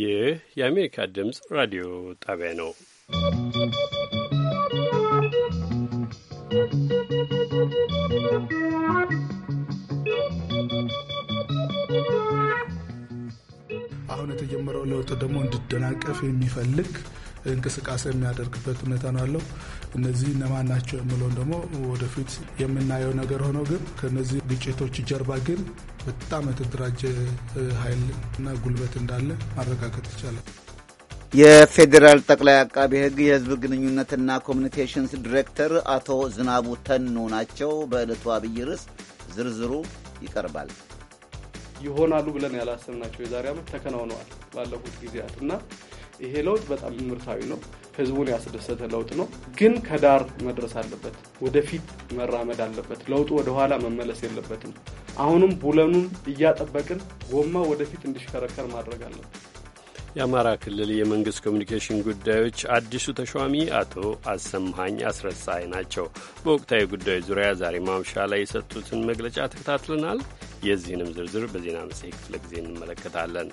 ይህ የአሜሪካ ድምፅ ራዲዮ ጣቢያ ነው። አሁን የተጀመረው ለውጥ ደግሞ እንዲደናቀፍ የሚፈልግ እንቅስቃሴ የሚያደርግበት ሁኔታ ነው ያለው። እነዚህ እነማን ናቸው የምለውን ደግሞ ወደፊት የምናየው ነገር ሆኖ ግን ከነዚህ ግጭቶች ጀርባ ግን በጣም የተደራጀ ኃይል እና ጉልበት እንዳለ ማረጋገጥ ይቻላል። የፌዴራል ጠቅላይ አቃቢ ሕግ የህዝብ ግንኙነትና ኮሚኒኬሽንስ ዲሬክተር አቶ ዝናቡ ተኑ ናቸው። በዕለቱ አብይ ርዕስ ዝርዝሩ ይቀርባል። ይሆናሉ ብለን ያላሰብናቸው የዛሬ ዓመት ተከናውነዋል ባለፉት ጊዜያት እና ይሄ ለውጥ በጣም ምርታዊ ነው። ህዝቡን ያስደሰተ ለውጥ ነው። ግን ከዳር መድረስ አለበት። ወደፊት መራመድ አለበት። ለውጡ ወደኋላ መመለስ የለበትም። አሁንም ቡለኑን እያጠበቅን ጎማ ወደፊት እንዲሽከረከር ማድረግ አለበት። የአማራ ክልል የመንግስት ኮሚኒኬሽን ጉዳዮች አዲሱ ተሿሚ አቶ አሰማሀኝ አስረሳይ ናቸው። በወቅታዊ ጉዳዮች ዙሪያ ዛሬ ማምሻ ላይ የሰጡትን መግለጫ ተከታትለናል። የዚህንም ዝርዝር በዜና መጽሔት ክፍለ ጊዜ እንመለከታለን።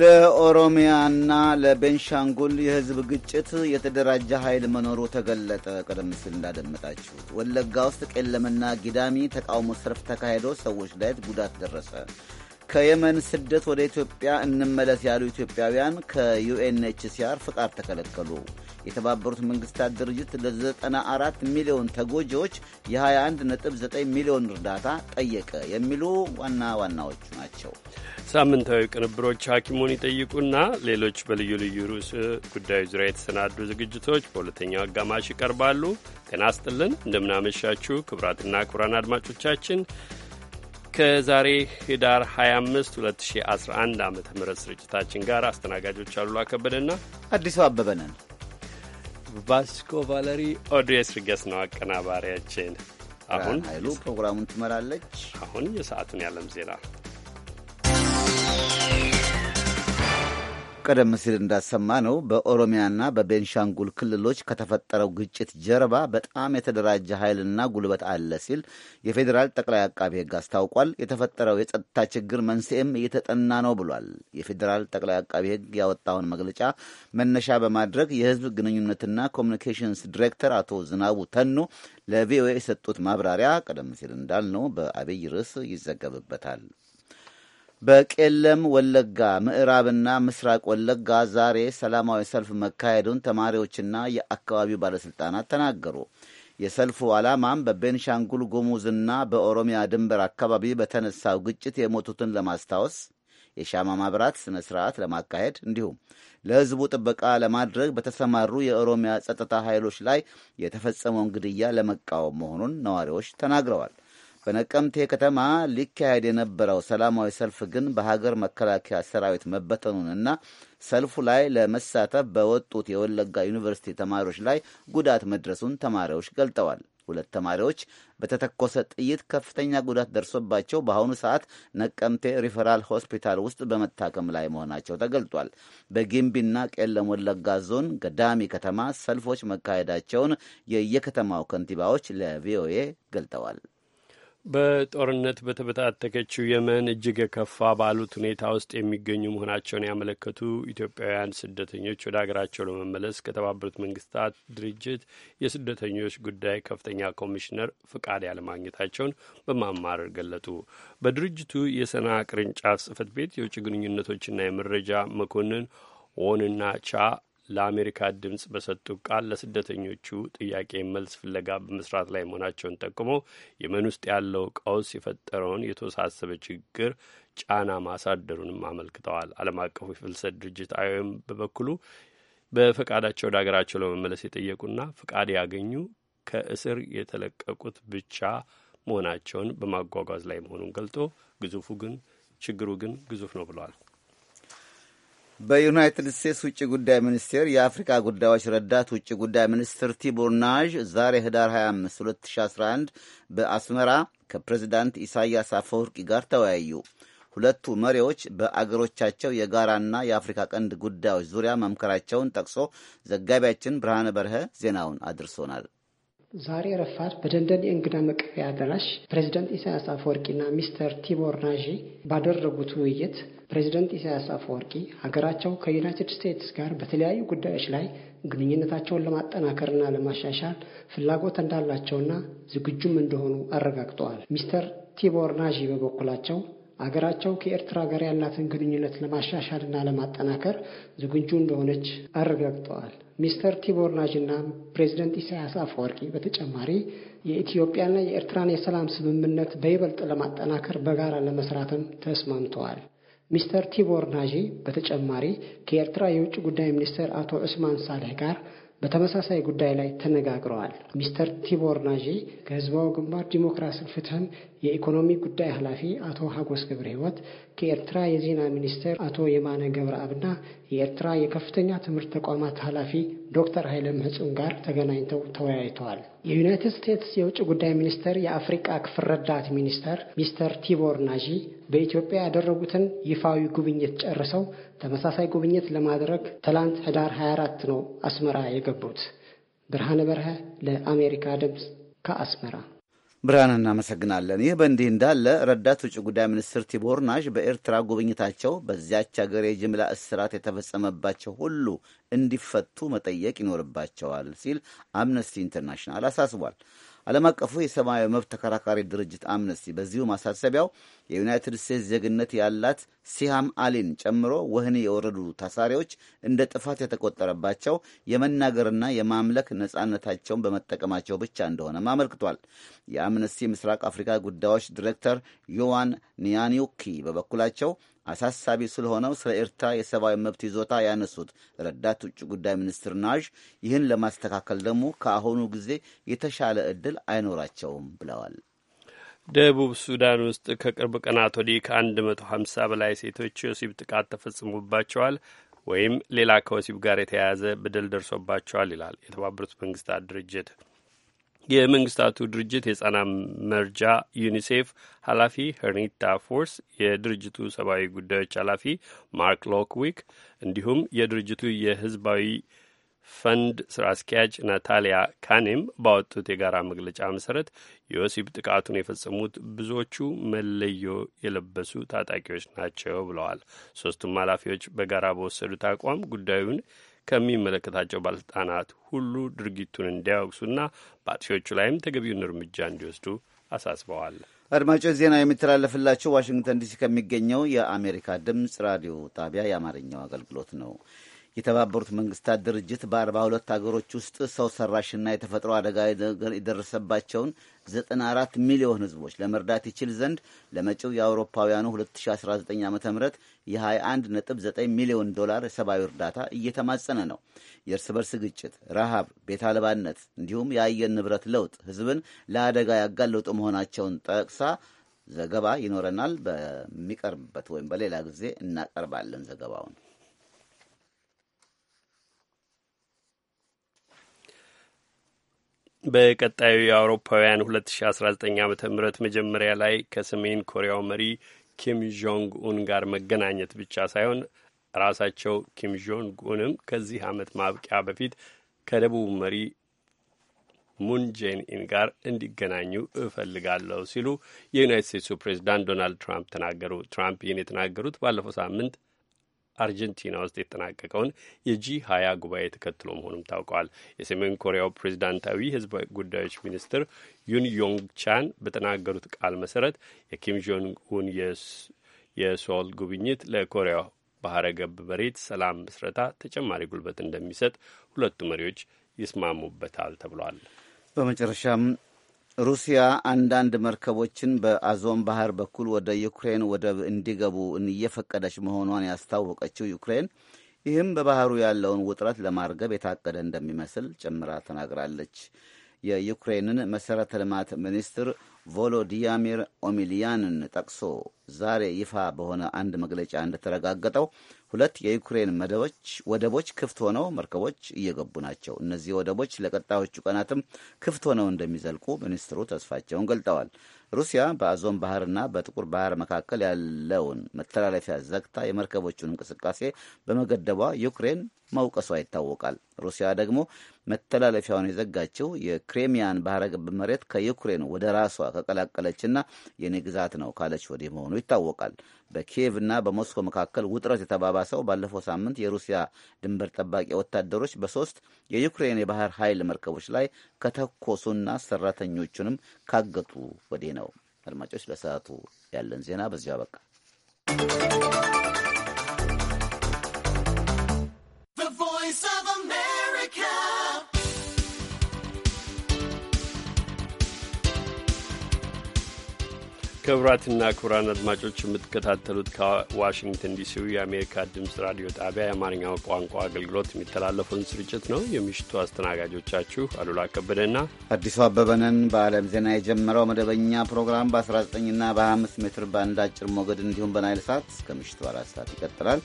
ለኦሮሚያና ለቤንሻንጉል የህዝብ ግጭት የተደራጀ ኃይል መኖሩ ተገለጠ። ቀደም ሲል እንዳደመጣችሁት ወለጋ ውስጥ ቄለምና ጊዳሚ ተቃውሞ ሰልፍ ተካሂዶ ሰዎች ላይ ጉዳት ደረሰ። ከየመን ስደት ወደ ኢትዮጵያ እንመለስ ያሉ ኢትዮጵያውያን ከዩኤንኤችሲአር ፍቃድ ተከለከሉ። የተባበሩት መንግስታት ድርጅት ለ94 ሚሊዮን ተጎጂዎች የ21.9 ሚሊዮን እርዳታ ጠየቀ የሚሉ ዋና ዋናዎቹ ናቸው። ሳምንታዊ ቅንብሮች ሐኪሙን ይጠይቁና ሌሎች በልዩ ልዩ ርዕስ ጉዳዮች ዙሪያ የተሰናዱ ዝግጅቶች በሁለተኛው አጋማሽ ይቀርባሉ። ጤና ይስጥልን፣ እንደምናመሻችሁ ክቡራትና ክቡራን አድማጮቻችን ከዛሬ ህዳር 25 2011 ዓ ም ስርጭታችን ጋር አስተናጋጆች አሉላ ከበደና አዲሱ አበበ ነን። ቫስኮ ቫለሪ ኦድሬስ ርገስ ነው አቀናባሪያችን። አሁን ኃይሉ ፕሮግራሙን ትመራለች። አሁን የሰዓቱን ያለም ዜና ቀደም ሲል እንዳሰማ ነው በኦሮሚያና በቤንሻንጉል ክልሎች ከተፈጠረው ግጭት ጀርባ በጣም የተደራጀ ኃይልና ጉልበት አለ ሲል የፌዴራል ጠቅላይ አቃቢ ሕግ አስታውቋል። የተፈጠረው የጸጥታ ችግር መንስኤም እየተጠና ነው ብሏል። የፌዴራል ጠቅላይ አቃቢ ሕግ ያወጣውን መግለጫ መነሻ በማድረግ የሕዝብ ግንኙነትና ኮሚኒኬሽንስ ዲሬክተር አቶ ዝናቡ ተኑ ለቪኦኤ የሰጡት ማብራሪያ ቀደም ሲል እንዳልነው በአብይ ርዕስ ይዘገብበታል። በቄለም ወለጋ ምዕራብና ምስራቅ ወለጋ ዛሬ ሰላማዊ ሰልፍ መካሄዱን ተማሪዎችና የአካባቢው ባለሥልጣናት ተናገሩ። የሰልፉ ዓላማም በቤንሻንጉል ጉሙዝና በኦሮሚያ ድንበር አካባቢ በተነሳው ግጭት የሞቱትን ለማስታወስ የሻማ ማብራት ስነ ስርዓት ለማካሄድ እንዲሁም ለሕዝቡ ጥበቃ ለማድረግ በተሰማሩ የኦሮሚያ ጸጥታ ኃይሎች ላይ የተፈጸመውን ግድያ ለመቃወም መሆኑን ነዋሪዎች ተናግረዋል። በነቀምቴ ከተማ ሊካሄድ የነበረው ሰላማዊ ሰልፍ ግን በሀገር መከላከያ ሰራዊት መበተኑንና ሰልፉ ላይ ለመሳተፍ በወጡት የወለጋ ዩኒቨርሲቲ ተማሪዎች ላይ ጉዳት መድረሱን ተማሪዎች ገልጠዋል። ሁለት ተማሪዎች በተተኮሰ ጥይት ከፍተኛ ጉዳት ደርሶባቸው በአሁኑ ሰዓት ነቀምቴ ሪፈራል ሆስፒታል ውስጥ በመታከም ላይ መሆናቸው ተገልጧል። በጊምቢና ቄለም ወለጋ ዞን ገዳሚ ከተማ ሰልፎች መካሄዳቸውን የየከተማው ከንቲባዎች ለቪኦኤ ገልጠዋል። በጦርነት በተበታተከችው የመን እጅግ የከፋ ባሉት ሁኔታ ውስጥ የሚገኙ መሆናቸውን ያመለከቱ ኢትዮጵያውያን ስደተኞች ወደ ሀገራቸው ለመመለስ ከተባበሩት መንግስታት ድርጅት የስደተኞች ጉዳይ ከፍተኛ ኮሚሽነር ፍቃድ ያለማግኘታቸውን በማማረር ገለጡ። በድርጅቱ የሰና ቅርንጫፍ ጽህፈት ቤት የውጭ ግንኙነቶችና የመረጃ መኮንን ሆንና ቻ ለአሜሪካ ድምፅ በሰጡ ቃል ለስደተኞቹ ጥያቄ መልስ ፍለጋ በመስራት ላይ መሆናቸውን ጠቁመው የመን ውስጥ ያለው ቀውስ የፈጠረውን የተወሳሰበ ችግር ጫና ማሳደሩንም አመልክተዋል። ዓለም አቀፉ የፍልሰት ድርጅት አይኦኤም በበኩሉ በፈቃዳቸው ወደ ሀገራቸው ለመመለስ የጠየቁና ፈቃድ ያገኙ ከእስር የተለቀቁት ብቻ መሆናቸውን በማጓጓዝ ላይ መሆኑን ገልጦ ግዙፉ ግን ችግሩ ግን ግዙፍ ነው ብለዋል። በዩናይትድ ስቴትስ ውጭ ጉዳይ ሚኒስቴር የአፍሪካ ጉዳዮች ረዳት ውጭ ጉዳይ ሚኒስትር ቲቦር ናዥ ዛሬ ህዳር 25 2011 በአስመራ ከፕሬዚዳንት ኢሳያስ አፈወርቂ ጋር ተወያዩ። ሁለቱ መሪዎች በአገሮቻቸው የጋራና የአፍሪካ ቀንድ ጉዳዮች ዙሪያ መምከራቸውን ጠቅሶ ዘጋቢያችን ብርሃነ በርሀ ዜናውን አድርሶናል። ዛሬ ረፋድ በደንደን የእንግዳ መቀበያ አዳራሽ ፕሬዚዳንት ኢሳያስ አፈወርቂና ሚስተር ቲቦር ናዥ ባደረጉት ውይይት ፕሬዚደንት ኢሳያስ አፈወርቂ ሀገራቸው ከዩናይትድ ስቴትስ ጋር በተለያዩ ጉዳዮች ላይ ግንኙነታቸውን ለማጠናከርና ለማሻሻል ፍላጎት እንዳላቸውና ዝግጁም እንደሆኑ አረጋግጠዋል። ሚስተር ቲቦር ናዢ በበኩላቸው አገራቸው ከኤርትራ ጋር ያላትን ግንኙነት ለማሻሻልና ለማጠናከር ዝግጁ እንደሆነች አረጋግጠዋል። ሚስተር ቲቦር እና ፕሬዚደንት ኢሳያስ አፈወርቂ በተጨማሪ የኢትዮጵያና የኤርትራን የሰላም ስምምነት በይበልጥ ለማጠናከር በጋራ ለመስራትም ተስማምተዋል። ሚስተር ቲቦር ናጂ በተጨማሪ ከኤርትራ የውጭ ጉዳይ ሚኒስትር አቶ ዑስማን ሳልህ ጋር በተመሳሳይ ጉዳይ ላይ ተነጋግረዋል። ሚስተር ቲቦር ናጂ ከህዝባዊ ግንባር ዲሞክራሲ ፍትህን የኢኮኖሚ ጉዳይ ኃላፊ አቶ ሀጎስ ገብረ ህይወት ከኤርትራ የዜና ሚኒስትር አቶ የማነ ገብረአብና የኤርትራ የከፍተኛ ትምህርት ተቋማት ኃላፊ ዶክተር ኃይለ ምህጹን ጋር ተገናኝተው ተወያይተዋል። የዩናይትድ ስቴትስ የውጭ ጉዳይ ሚኒስቴር የአፍሪቃ ክፍል ረዳት ሚኒስተር ሚስተር ቲቦር ናዢ በኢትዮጵያ ያደረጉትን ይፋዊ ጉብኝት ጨርሰው ተመሳሳይ ጉብኝት ለማድረግ ትላንት ህዳር 24 ነው አስመራ የገቡት። ብርሃነ በርሀ ለአሜሪካ ድምፅ ከአስመራ ብርሃን እናመሰግናለን። ይህ በእንዲህ እንዳለ ረዳት ውጭ ጉዳይ ሚኒስትር ቲቦር ናሽ በኤርትራ ጉብኝታቸው በዚያች ሀገር የጅምላ እስራት የተፈጸመባቸው ሁሉ እንዲፈቱ መጠየቅ ይኖርባቸዋል ሲል አምነስቲ ኢንተርናሽናል አሳስቧል። ዓለም አቀፉ የሰብአዊ መብት ተከራካሪ ድርጅት አምነስቲ በዚሁ ማሳሰቢያው የዩናይትድ ስቴትስ ዜግነት ያላት ሲሃም አሊን ጨምሮ ወህኒ የወረዱ ታሳሪዎች እንደ ጥፋት የተቆጠረባቸው የመናገርና የማምለክ ነጻነታቸውን በመጠቀማቸው ብቻ እንደሆነም አመልክቷል። የአምነስቲ ምስራቅ አፍሪካ ጉዳዮች ዲሬክተር ዮዋን ኒያኒውኪ በበኩላቸው አሳሳቢ ስለሆነው ስለ ኤርትራ የሰብአዊ መብት ይዞታ ያነሱት ረዳት ውጭ ጉዳይ ሚኒስትር ናዥ ይህን ለማስተካከል ደግሞ ከአሁኑ ጊዜ የተሻለ እድል አይኖራቸውም ብለዋል። ደቡብ ሱዳን ውስጥ ከቅርብ ቀናት ወዲህ ከአንድ መቶ ሀምሳ በላይ ሴቶች የወሲብ ጥቃት ተፈጽሞባቸዋል ወይም ሌላ ከወሲብ ጋር የተያያዘ በደል ደርሶባቸዋል ይላል የተባበሩት መንግስታት ድርጅት። የመንግስታቱ ድርጅት የህጻናት መርጃ ዩኒሴፍ ኃላፊ ሄርኒታ ፎርስ፣ የድርጅቱ ሰብአዊ ጉዳዮች ኃላፊ ማርክ ሎክዊክ እንዲሁም የድርጅቱ የህዝባዊ ፈንድ ስራ አስኪያጅ ናታሊያ ካኔም ባወጡት የጋራ መግለጫ መሰረት የወሲብ ጥቃቱን የፈጸሙት ብዙዎቹ መለዮ የለበሱ ታጣቂዎች ናቸው ብለዋል። ሶስቱም ኃላፊዎች በጋራ በወሰዱት አቋም ጉዳዩን ከሚመለከታቸው ባለስልጣናት ሁሉ ድርጊቱን እንዲያወቅሱና በአጥፊዎቹ ላይም ተገቢውን እርምጃ እንዲወስዱ አሳስበዋል። አድማጮች ዜና የሚተላለፍላቸው ዋሽንግተን ዲሲ ከሚገኘው የአሜሪካ ድምፅ ራዲዮ ጣቢያ የአማርኛው አገልግሎት ነው። የተባበሩት መንግስታት ድርጅት በአርባ ሁለት ሀገሮች ውስጥ ሰው ሰራሽና የተፈጥሮ አደጋ የደረሰባቸውን 94 ሚሊዮን ህዝቦች ለመርዳት ይችል ዘንድ ለመጪው የአውሮፓውያኑ 2019 ዓ ም የ21.9 ሚሊዮን ዶላር የሰብአዊ እርዳታ እየተማጸነ ነው። የእርስ በርስ ግጭት፣ ረሃብ፣ ቤት አልባነት እንዲሁም የአየር ንብረት ለውጥ ህዝብን ለአደጋ ያጋለጡ መሆናቸውን ጠቅሳ ዘገባ ይኖረናል። በሚቀርብበት ወይም በሌላ ጊዜ እናቀርባለን ዘገባውን። በቀጣዩ የአውሮፓውያን 2019 ዓ ም መጀመሪያ ላይ ከሰሜን ኮሪያው መሪ ኪም ጆንግ ኡን ጋር መገናኘት ብቻ ሳይሆን ራሳቸው ኪም ጆንግ ኡንም ከዚህ ዓመት ማብቂያ በፊት ከደቡብ መሪ ሙን ጄንኢን ጋር እንዲገናኙ እፈልጋለሁ ሲሉ የዩናይት ስቴትሱ ፕሬዚዳንት ዶናልድ ትራምፕ ተናገሩ። ትራምፕ ይህን የተናገሩት ባለፈው ሳምንት አርጀንቲና ውስጥ የተጠናቀቀውን የጂ ሀያ ጉባኤ ተከትሎ መሆኑም ታውቋል። የሰሜን ኮሪያው ፕሬዚዳንታዊ ሕዝብ ጉዳዮች ሚኒስትር ዩን ዮንግ ቻን በተናገሩት ቃል መሰረት የኪም ጆንግ ኡን የሶል ጉብኝት ለኮሪያ ባህረ ገብ መሬት ሰላም ምስረታ ተጨማሪ ጉልበት እንደሚሰጥ ሁለቱ መሪዎች ይስማሙበታል ተብሏል። በመጨረሻም ሩሲያ አንዳንድ መርከቦችን በአዞም ባህር በኩል ወደ ዩክሬን ወደብ እንዲገቡ እየፈቀደች መሆኗን ያስታወቀችው ዩክሬን ይህም በባህሩ ያለውን ውጥረት ለማርገብ የታቀደ እንደሚመስል ጨምራ ተናግራለች። የዩክሬንን መሠረተ ልማት ሚኒስትር ቮሎዲያሚር ኦሚሊያንን ጠቅሶ ዛሬ ይፋ በሆነ አንድ መግለጫ እንደተረጋገጠው ሁለት የዩክሬን መደቦች ወደቦች ክፍት ሆነው መርከቦች እየገቡ ናቸው። እነዚህ ወደቦች ለቀጣዮቹ ቀናትም ክፍት ሆነው እንደሚዘልቁ ሚኒስትሩ ተስፋቸውን ገልጠዋል። ሩሲያ በአዞን ባህርና በጥቁር ባህር መካከል ያለውን መተላለፊያ ዘግታ የመርከቦቹን እንቅስቃሴ በመገደቧ ዩክሬን መውቀሷ ይታወቃል። ሩሲያ ደግሞ መተላለፊያውን የዘጋችው የክሬሚያን ባህረ ገብ መሬት ከዩክሬን ወደ ራሷ ከቀላቀለችና የኔ ግዛት ነው ካለች ወዲህ መሆኑ ይታወቃል። በኪየቭና በሞስኮ መካከል ውጥረት የተባባሰው ባለፈው ሳምንት የሩሲያ ድንበር ጠባቂ ወታደሮች በሶስት የዩክሬን የባህር ኃይል መርከቦች ላይ ከተኮሱና ሰራተኞቹንም ካገቱ ወዲህ ነው። አድማጮች፣ ለሰዓቱ ያለን ዜና በዚያ አበቃ። ክቡራትና ክቡራን አድማጮች የምትከታተሉት ከዋሽንግተን ዲሲው የአሜሪካ ድምፅ ራዲዮ ጣቢያ የአማርኛው ቋንቋ አገልግሎት የሚተላለፈውን ስርጭት ነው። የምሽቱ አስተናጋጆቻችሁ አሉላ ከበደና አዲሱ አበበንን በዓለም ዜና የጀመረው መደበኛ ፕሮግራም በ19ና በ25 ሜትር ባንድ አጭር ሞገድ እንዲሁም በናይል ሳት እስከ ምሽቱ አራት ሰዓት ይቀጥላል።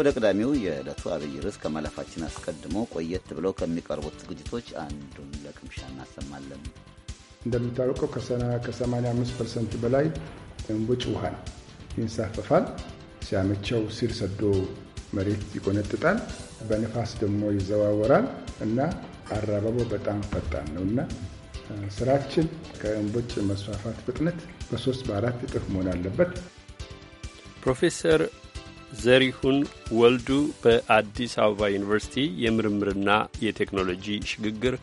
ወደ ቅዳሜው የዕለቱ አብይ ርዕስ ከማለፋችን አስቀድሞ ቆየት ብለው ከሚቀርቡት ዝግጅቶች አንዱን ለቅምሻ እናሰማለን። እንደሚታወቀው ከ85 ፐርሰንት በላይ እንቦጭ ውሃ ነው። ይንሳፈፋል፣ ሲያመቸው ስር ሰዶ መሬት ይቆነጥጣል፣ በንፋስ ደግሞ ይዘዋወራል እና አራበቦ በጣም ፈጣን ነው እና ስራችን ከእንቦጭ መስፋፋት ፍጥነት በሶስት በአራት እጥፍ መሆን አለበት። ፕሮፌሰር ዘሪሁን ወልዱ በአዲስ አበባ ዩኒቨርሲቲ የምርምርና የቴክኖሎጂ ሽግግር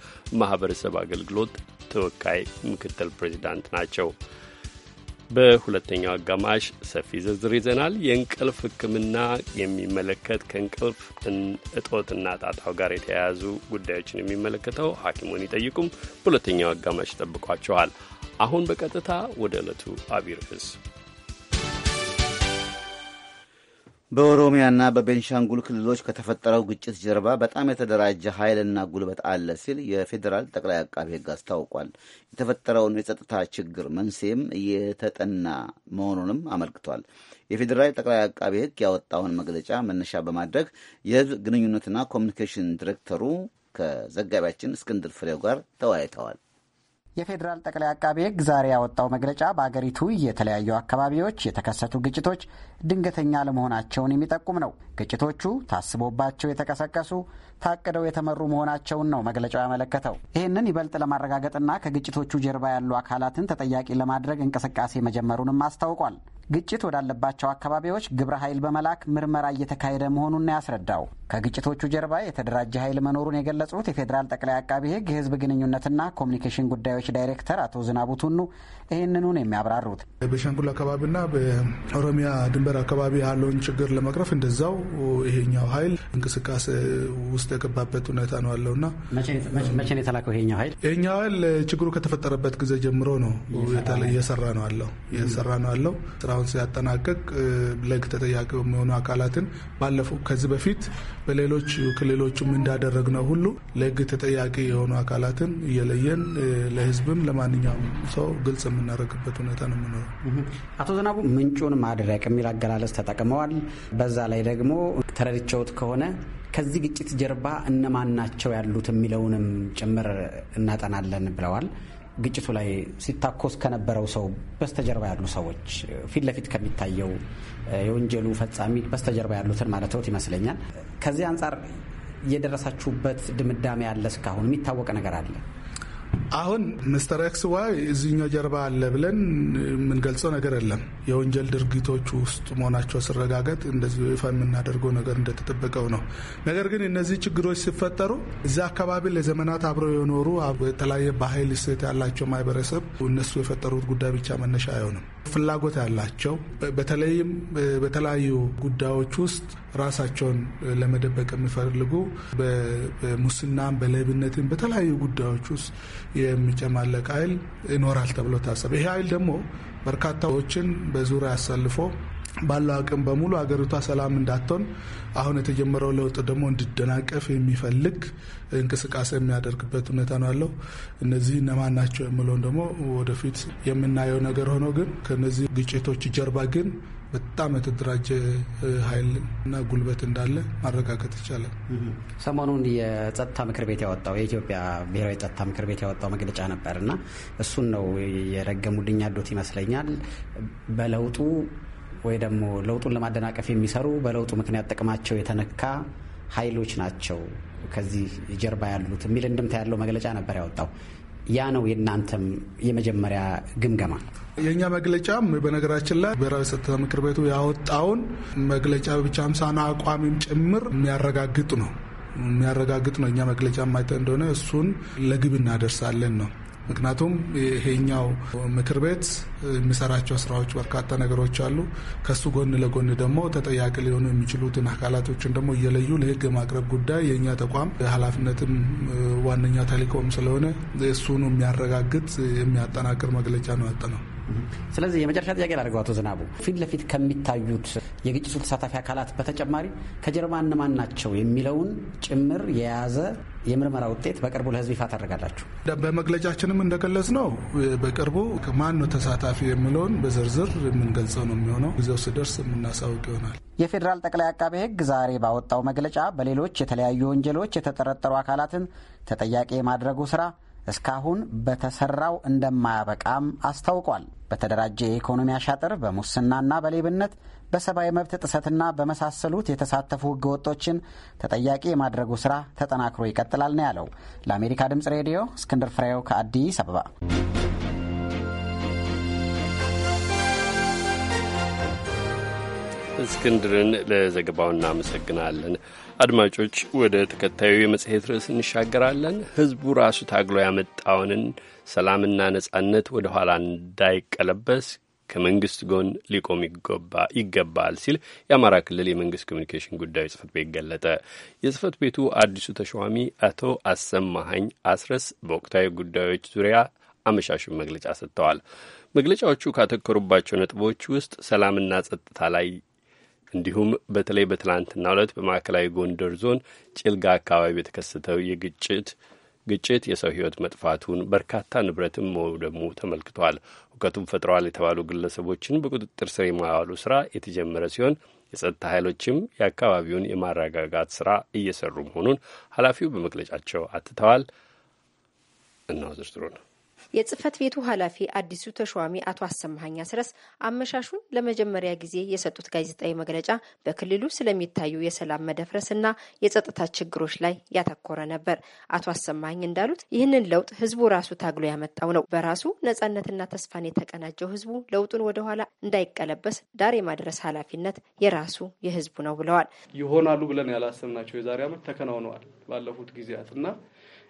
ማህበረሰብ አገልግሎት ተወካይ ምክትል ፕሬዚዳንት ናቸው። በሁለተኛው አጋማሽ ሰፊ ዝርዝር ይዘናል። የእንቅልፍ ሕክምና የሚመለከት ከእንቅልፍ እጦትና ጣጣው ጋር የተያያዙ ጉዳዮችን የሚመለከተው ሐኪሙን ይጠይቁም በሁለተኛው አጋማሽ ይጠብቋቸዋል። አሁን በቀጥታ ወደ ዕለቱ አቢይ ርዕስ በኦሮሚያና በቤንሻንጉል ክልሎች ከተፈጠረው ግጭት ጀርባ በጣም የተደራጀ ኃይልና ጉልበት አለ ሲል የፌዴራል ጠቅላይ አቃቤ ሕግ አስታውቋል። የተፈጠረውን የጸጥታ ችግር መንስኤም እየተጠና መሆኑንም አመልክቷል። የፌዴራል ጠቅላይ አቃቤ ሕግ ያወጣውን መግለጫ መነሻ በማድረግ የሕዝብ ግንኙነትና ኮሚኒኬሽን ዲሬክተሩ ከዘጋቢያችን እስክንድር ፍሬው ጋር ተወያይተዋል። የፌዴራል ጠቅላይ አቃቤ ሕግ ዛሬ ያወጣው መግለጫ በአገሪቱ የተለያዩ አካባቢዎች የተከሰቱ ግጭቶች ድንገተኛ ለመሆናቸውን የሚጠቁም ነው። ግጭቶቹ ታስቦባቸው የተቀሰቀሱ ታቅደው የተመሩ መሆናቸውን ነው መግለጫው ያመለከተው። ይህንን ይበልጥ ለማረጋገጥና ከግጭቶቹ ጀርባ ያሉ አካላትን ተጠያቂ ለማድረግ እንቅስቃሴ መጀመሩንም አስታውቋል። ግጭት ወዳለባቸው አካባቢዎች ግብረ ኃይል በመላክ ምርመራ እየተካሄደ መሆኑን ነው ያስረዳው። ከግጭቶቹ ጀርባ የተደራጀ ኃይል መኖሩን የገለጹት የፌዴራል ጠቅላይ አቃቢ ሕግ የሕዝብ ግንኙነትና ኮሚኒኬሽን ጉዳዮች ዳይሬክተር አቶ ዝናቡ ቱኑ ይህንኑን የሚያብራሩት በሻንጉል አካባቢና በኦሮሚያ ድንበር አካባቢ ያለውን ችግር ለመቅረፍ እንደዛው ይሄኛው ኃይል እንቅስቃሴ ውስጥ የገባበት ሁኔታ ነው ያለውና መቼ ነው የተላከው? ይሄኛው ኃይል ይሄኛው ኃይል ችግሩ ከተፈጠረበት ጊዜ ጀምሮ ነው እየሰራ ነው ያለው እየሰራ ነው ያለው ስራ ስራውን ሲያጠናቀቅ ለህግ ተጠያቂ የሚሆኑ አካላትን ባለፈው ከዚህ በፊት በሌሎች ክልሎችም እንዳደረግነው ሁሉ ለህግ ተጠያቂ የሆኑ አካላትን እየለየን ለህዝብም ለማንኛውም ሰው ግልጽ የምናደርግበት ሁኔታ ነው የሚኖረው። አቶ ዝናቡ ምንጩን ማድረቅ የሚል አገላለጽ ተጠቅመዋል። በዛ ላይ ደግሞ ተረድቸውት ከሆነ ከዚህ ግጭት ጀርባ እነማን ናቸው ያሉት የሚለውንም ጭምር እናጠናለን ብለዋል። ግጭቱ ላይ ሲታኮስ ከነበረው ሰው በስተጀርባ ያሉ ሰዎች ፊት ለፊት ከሚታየው የወንጀሉ ፈጻሚ በስተጀርባ ያሉትን ማለት ይመስለኛል። ከዚህ አንጻር የደረሳችሁበት ድምዳሜ አለ? እስካሁን የሚታወቅ ነገር አለ? አሁን ምስተር ኤክስ ዋይ እዚህኛው ጀርባ አለ ብለን የምንገልጸው ነገር የለም። የወንጀል ድርጊቶች ውስጥ መሆናቸው ሲረጋገጥ እንደዚህ ይፋ የምናደርገው ነገር እንደተጠበቀው ነው። ነገር ግን እነዚህ ችግሮች ሲፈጠሩ እዚህ አካባቢ ለዘመናት አብረው የኖሩ የተለያየ ባህል እሴት ያላቸው ማህበረሰብ እነሱ የፈጠሩት ጉዳይ ብቻ መነሻ አይሆንም። ፍላጎት ያላቸው በተለይም በተለያዩ ጉዳዮች ውስጥ ራሳቸውን ለመደበቅ የሚፈልጉ በሙስናም በሌብነትም በተለያዩ ጉዳዮች ውስጥ የሚጨማለቅ ኃይል ይኖራል ተብሎ ታሰበ። ይሄ ኃይል ደግሞ በርካታዎችን በዙሪያ አሰልፎ ባለው አቅም በሙሉ ሀገሪቷ ሰላም እንዳትሆን አሁን የተጀመረው ለውጥ ደግሞ እንዲደናቀፍ የሚፈልግ እንቅስቃሴ የሚያደርግበት ሁኔታ ነው ያለው። እነዚህ እነማን ናቸው የምለውን ደግሞ ወደፊት የምናየው ነገር ሆኖ ግን ከነዚህ ግጭቶች ጀርባ ግን በጣም የተደራጀ ኃይል እና ጉልበት እንዳለ ማረጋገጥ ይቻላል። ሰሞኑን የጸጥታ ምክር ቤት ያወጣው የኢትዮጵያ ብሔራዊ ጸጥታ ምክር ቤት ያወጣው መግለጫ ነበር እና እሱን ነው የረገሙልኝ አዶት ይመስለኛል በለውጡ ወይ ደግሞ ለውጡን ለማደናቀፍ የሚሰሩ በለውጡ ምክንያት ጥቅማቸው የተነካ ኃይሎች ናቸው ከዚህ ጀርባ ያሉት የሚል እንድምታ ያለው መግለጫ ነበር ያወጣው። ያ ነው የእናንተም የመጀመሪያ ግምገማ? የእኛ መግለጫም በነገራችን ላይ ብሔራዊ ጸጥታ ምክር ቤቱ ያወጣውን መግለጫ ብቻ ምሳና አቋሚም ጭምር የሚያረጋግጥ ነው የሚያረጋግጥ ነው። እኛ መግለጫ ማይተ እንደሆነ እሱን ለግብ እናደርሳለን ነው ምክንያቱም ይሄኛው ምክር ቤት የሚሰራቸው ስራዎች በርካታ ነገሮች አሉ። ከሱ ጎን ለጎን ደግሞ ተጠያቂ ሊሆኑ የሚችሉትን አካላቶችን ደግሞ እየለዩ ለህግ የማቅረብ ጉዳይ የእኛ ተቋም ኃላፊነትም ዋነኛ ተልእኮም ስለሆነ እሱኑ የሚያረጋግጥ የሚያጠናክር መግለጫ ነው ያጠነው። ስለዚህ የመጨረሻ ጥያቄ ላድርገው። አቶ ዝናቡ ፊት ለፊት ከሚታዩት የግጭቱ ተሳታፊ አካላት በተጨማሪ ከጀርባ እነማን ናቸው የሚለውን ጭምር የያዘ የምርመራ ውጤት በቅርቡ ለህዝብ ይፋ ታደርጋላችሁ። በመግለጫችንም እንደገለጽ ነው በቅርቡ ማን ነው ተሳታፊ የሚለውን በዝርዝር የምንገልጸው ነው የሚሆነው። ጊዜው ስደርስ የምናሳውቅ ይሆናል። የፌዴራል ጠቅላይ አቃቤ ህግ ዛሬ ባወጣው መግለጫ በሌሎች የተለያዩ ወንጀሎች የተጠረጠሩ አካላትን ተጠያቂ የማድረጉ ስራ እስካሁን በተሰራው እንደማያበቃም አስታውቋል። በተደራጀ የኢኮኖሚ አሻጥር፣ በሙስናና በሌብነት በሰብአዊ መብት ጥሰትና በመሳሰሉት የተሳተፉ ህገወጦችን ተጠያቂ የማድረጉ ስራ ተጠናክሮ ይቀጥላል ነው ያለው። ለአሜሪካ ድምጽ ሬዲዮ እስክንድር ፍሬው ከአዲስ አበባ እስክንድርን ለዘገባው እናመሰግናለን። አድማጮች ወደ ተከታዩ የመጽሔት ርዕስ እንሻገራለን። ህዝቡ ራሱ ታግሎ ያመጣውንን ሰላምና ነጻነት ወደ ኋላ እንዳይቀለበስ ከመንግስት ጎን ሊቆም ይገባል ሲል የአማራ ክልል የመንግስት ኮሚኒኬሽን ጉዳዮች ጽህፈት ቤት ገለጠ። የጽህፈት ቤቱ አዲሱ ተሿሚ አቶ አሰማሀኝ አስረስ በወቅታዊ ጉዳዮች ዙሪያ አመሻሹን መግለጫ ሰጥተዋል። መግለጫዎቹ ካተኮሩባቸው ነጥቦች ውስጥ ሰላምና ጸጥታ ላይ እንዲሁም በተለይ በትላንትናው ዕለት በማዕከላዊ ጎንደር ዞን ጭልጋ አካባቢ የተከሰተው የግጭት ግጭት የሰው ሕይወት መጥፋቱን በርካታ ንብረትም መውደሙ ተመልክቷል። እውቀቱም ፈጥረዋል የተባሉ ግለሰቦችን በቁጥጥር ስር የማዋሉ ስራ የተጀመረ ሲሆን የጸጥታ ኃይሎችም የአካባቢውን የማረጋጋት ስራ እየሰሩ መሆኑን ኃላፊው በመግለጫቸው አትተዋል። እናው ዝርዝሩ ነው። የጽህፈት ቤቱ ኃላፊ አዲሱ ተሿሚ አቶ አሰማሀኝ አስረስ አመሻሹን ለመጀመሪያ ጊዜ የሰጡት ጋዜጣዊ መግለጫ በክልሉ ስለሚታዩ የሰላም መደፍረስ እና የጸጥታ ችግሮች ላይ ያተኮረ ነበር። አቶ አሰማኝ እንዳሉት ይህንን ለውጥ ህዝቡ ራሱ ታግሎ ያመጣው ነው። በራሱ ነጻነትና ተስፋን የተቀናጀው ህዝቡ ለውጡን ወደኋላ እንዳይቀለበስ ዳር የማድረስ ኃላፊነት የራሱ የህዝቡ ነው ብለዋል። ይሆናሉ ብለን ያላሰብናቸው የዛሬ ዓመት ተከናውነዋል ባለፉት ጊዜያት እና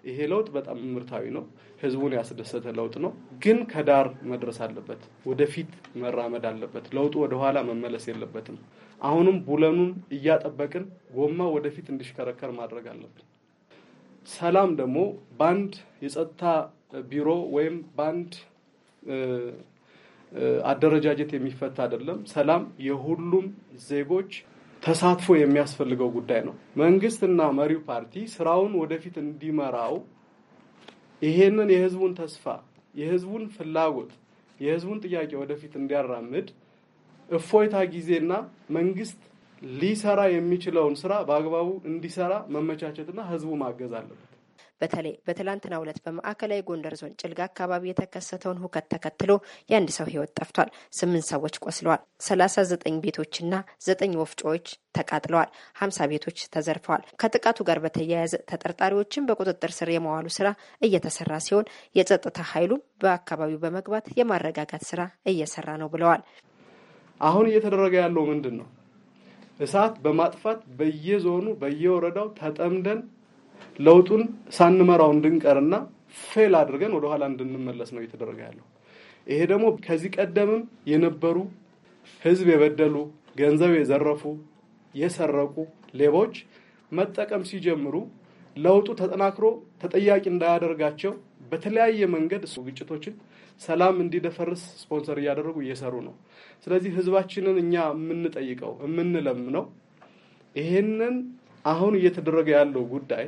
ይሄ ለውጥ በጣም ምርታዊ ነው። ህዝቡን ያስደሰተ ለውጥ ነው። ግን ከዳር መድረስ አለበት፣ ወደፊት መራመድ አለበት። ለውጡ ወደኋላ መመለስ የለበትም። አሁንም ቡለኑን እያጠበቅን ጎማ ወደፊት እንዲሽከረከር ማድረግ አለብን። ሰላም ደግሞ በአንድ የጸጥታ ቢሮ ወይም በአንድ አደረጃጀት የሚፈታ አይደለም። ሰላም የሁሉም ዜጎች ተሳትፎ የሚያስፈልገው ጉዳይ ነው። መንግስትና መሪው ፓርቲ ስራውን ወደፊት እንዲመራው ይሄንን የህዝቡን ተስፋ፣ የህዝቡን ፍላጎት፣ የህዝቡን ጥያቄ ወደፊት እንዲያራምድ እፎይታ ጊዜና መንግስት ሊሰራ የሚችለውን ስራ በአግባቡ እንዲሰራ መመቻቸትና ህዝቡ ማገዝ አለበት። በተለይ በትላንትናው ዕለት በማዕከላዊ ጎንደር ዞን ጭልጋ አካባቢ የተከሰተውን ሁከት ተከትሎ የአንድ ሰው ህይወት ጠፍቷል። ስምንት ሰዎች ቆስለዋል። ሰላሳ ዘጠኝ ቤቶችና ዘጠኝ ወፍጮዎች ተቃጥለዋል። ሀምሳ ቤቶች ተዘርፈዋል። ከጥቃቱ ጋር በተያያዘ ተጠርጣሪዎችን በቁጥጥር ስር የመዋሉ ስራ እየተሰራ ሲሆን የጸጥታ ኃይሉም በአካባቢው በመግባት የማረጋጋት ስራ እየሰራ ነው ብለዋል። አሁን እየተደረገ ያለው ምንድን ነው? እሳት በማጥፋት በየዞኑ በየወረዳው ተጠምደን ለውጡን ሳንመራው እንድንቀርና ፌል አድርገን ወደኋላ እንድንመለስ ነው እየተደረገ ያለው። ይሄ ደግሞ ከዚህ ቀደምም የነበሩ ህዝብ የበደሉ ገንዘብ የዘረፉ የሰረቁ ሌቦች መጠቀም ሲጀምሩ ለውጡ ተጠናክሮ ተጠያቂ እንዳያደርጋቸው በተለያየ መንገድ ግጭቶችን ሰላም እንዲደፈርስ ስፖንሰር እያደረጉ እየሰሩ ነው። ስለዚህ ህዝባችንን እኛ የምንጠይቀው የምንለምነው ይሄንን አሁን እየተደረገ ያለው ጉዳይ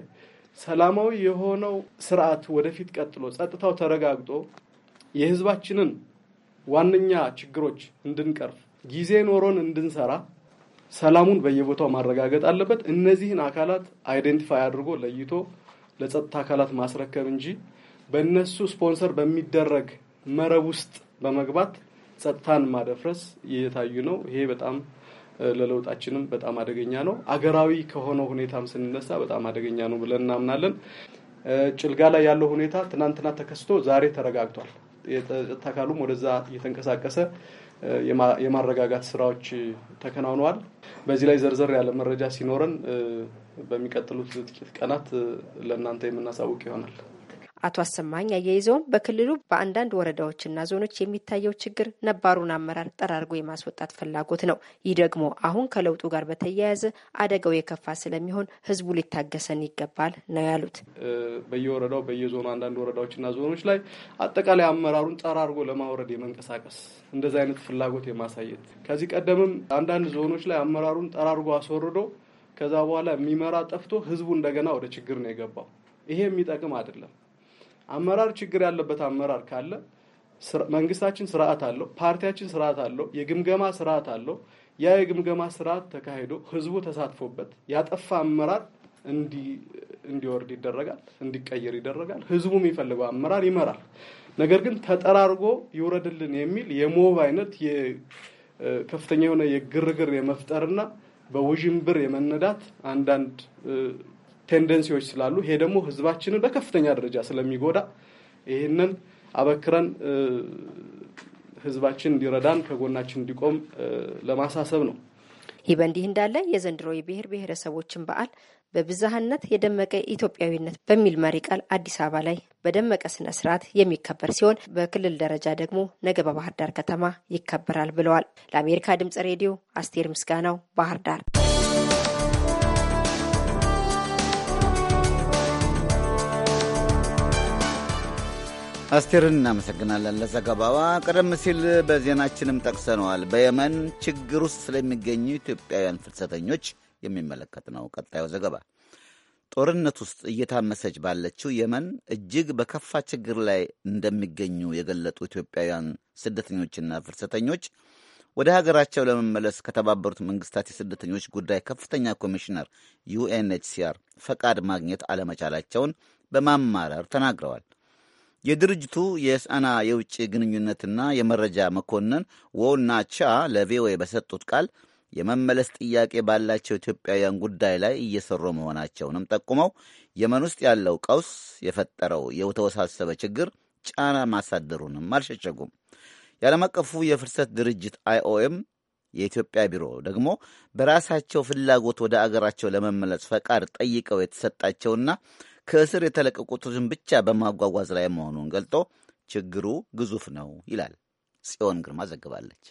ሰላማዊ የሆነው ስርዓት ወደፊት ቀጥሎ ጸጥታው ተረጋግጦ የህዝባችንን ዋነኛ ችግሮች እንድንቀርፍ ጊዜ ኖሮን እንድንሰራ ሰላሙን በየቦታው ማረጋገጥ አለበት። እነዚህን አካላት አይዴንቲፋይ አድርጎ ለይቶ ለጸጥታ አካላት ማስረከብ እንጂ በእነሱ ስፖንሰር በሚደረግ መረብ ውስጥ በመግባት ጸጥታን ማደፍረስ እየታዩ ነው። ይሄ በጣም ለለውጣችንም በጣም አደገኛ ነው። አገራዊ ከሆነ ሁኔታም ስንነሳ በጣም አደገኛ ነው ብለን እናምናለን። ጭልጋ ላይ ያለው ሁኔታ ትናንትና ተከስቶ ዛሬ ተረጋግቷል። የጸጥታ አካሉም ወደዛ እየተንቀሳቀሰ የማረጋጋት ስራዎች ተከናውነዋል። በዚህ ላይ ዘርዘር ያለ መረጃ ሲኖረን በሚቀጥሉት ጥቂት ቀናት ለእናንተ የምናሳውቅ ይሆናል። አቶ አሰማኝ አያይዘውም በክልሉ በአንዳንድ ወረዳዎችና ዞኖች የሚታየው ችግር ነባሩን አመራር ጠራርጎ የማስወጣት ፍላጎት ነው። ይህ ደግሞ አሁን ከለውጡ ጋር በተያያዘ አደጋው የከፋ ስለሚሆን ህዝቡ ሊታገሰን ይገባል ነው ያሉት። በየወረዳው በየዞኑ አንዳንድ ወረዳዎችና ዞኖች ላይ አጠቃላይ አመራሩን ጠራርጎ ለማውረድ የመንቀሳቀስ እንደዚህ አይነት ፍላጎት የማሳየት ከዚህ ቀደምም አንዳንድ ዞኖች ላይ አመራሩን ጠራርጎ አስወርዶ ከዛ በኋላ የሚመራ ጠፍቶ ህዝቡ እንደገና ወደ ችግር ነው የገባው። ይሄ የሚጠቅም አይደለም። አመራር ችግር ያለበት አመራር ካለ መንግስታችን ስርዓት አለው፣ ፓርቲያችን ስርዓት አለው፣ የግምገማ ስርዓት አለው። ያ የግምገማ ስርዓት ተካሂዶ ህዝቡ ተሳትፎበት ያጠፋ አመራር እንዲወርድ ይደረጋል፣ እንዲቀየር ይደረጋል። ህዝቡ የሚፈልገው አመራር ይመራል። ነገር ግን ተጠራርጎ ይውረድልን የሚል የሞብ አይነት ከፍተኛ የሆነ የግርግር የመፍጠርና በውዥንብር የመነዳት አንዳንድ ቴንደንሲዎች ስላሉ ይሄ ደግሞ ህዝባችንን በከፍተኛ ደረጃ ስለሚጎዳ ይህንን አበክረን ህዝባችን እንዲረዳን ከጎናችን እንዲቆም ለማሳሰብ ነው። ይህ በእንዲህ እንዳለ የዘንድሮ የብሔር ብሔረሰቦችን በዓል በብዝሃነት የደመቀ ኢትዮጵያዊነት በሚል መሪ ቃል አዲስ አበባ ላይ በደመቀ ስነ ስርዓት የሚከበር ሲሆን በክልል ደረጃ ደግሞ ነገ በባህር ዳር ከተማ ይከበራል ብለዋል። ለአሜሪካ ድምጽ ሬዲዮ አስቴር ምስጋናው ባህር ዳር። አስቴርን እናመሰግናለን ለዘገባዋ። ቀደም ሲል በዜናችንም ጠቅሰነዋል። በየመን ችግር ውስጥ ስለሚገኙ ኢትዮጵያውያን ፍልሰተኞች የሚመለከት ነው ቀጣዩ ዘገባ። ጦርነት ውስጥ እየታመሰች ባለችው የመን እጅግ በከፋ ችግር ላይ እንደሚገኙ የገለጡ ኢትዮጵያውያን ስደተኞችና ፍልሰተኞች ወደ ሀገራቸው ለመመለስ ከተባበሩት መንግስታት የስደተኞች ጉዳይ ከፍተኛ ኮሚሽነር ዩኤንኤችሲአር ፈቃድ ማግኘት አለመቻላቸውን በማማረር ተናግረዋል። የድርጅቱ የሰና የውጭ ግንኙነትና የመረጃ መኮንን ዎና ቻ ለቪኦኤ በሰጡት ቃል የመመለስ ጥያቄ ባላቸው ኢትዮጵያውያን ጉዳይ ላይ እየሰሩ መሆናቸውንም ጠቁመው የመን ውስጥ ያለው ቀውስ የፈጠረው የተወሳሰበ ችግር ጫና ማሳደሩንም አልሸሸጉም። የዓለም አቀፉ የፍልሰት ድርጅት አይኦኤም የኢትዮጵያ ቢሮ ደግሞ በራሳቸው ፍላጎት ወደ አገራቸው ለመመለስ ፈቃድ ጠይቀው የተሰጣቸውና ከእስር የተለቀቁትን ብቻ በማጓጓዝ ላይ መሆኑን ገልጦ ችግሩ ግዙፍ ነው ይላል። ጽዮን ግርማ ዘግባለች።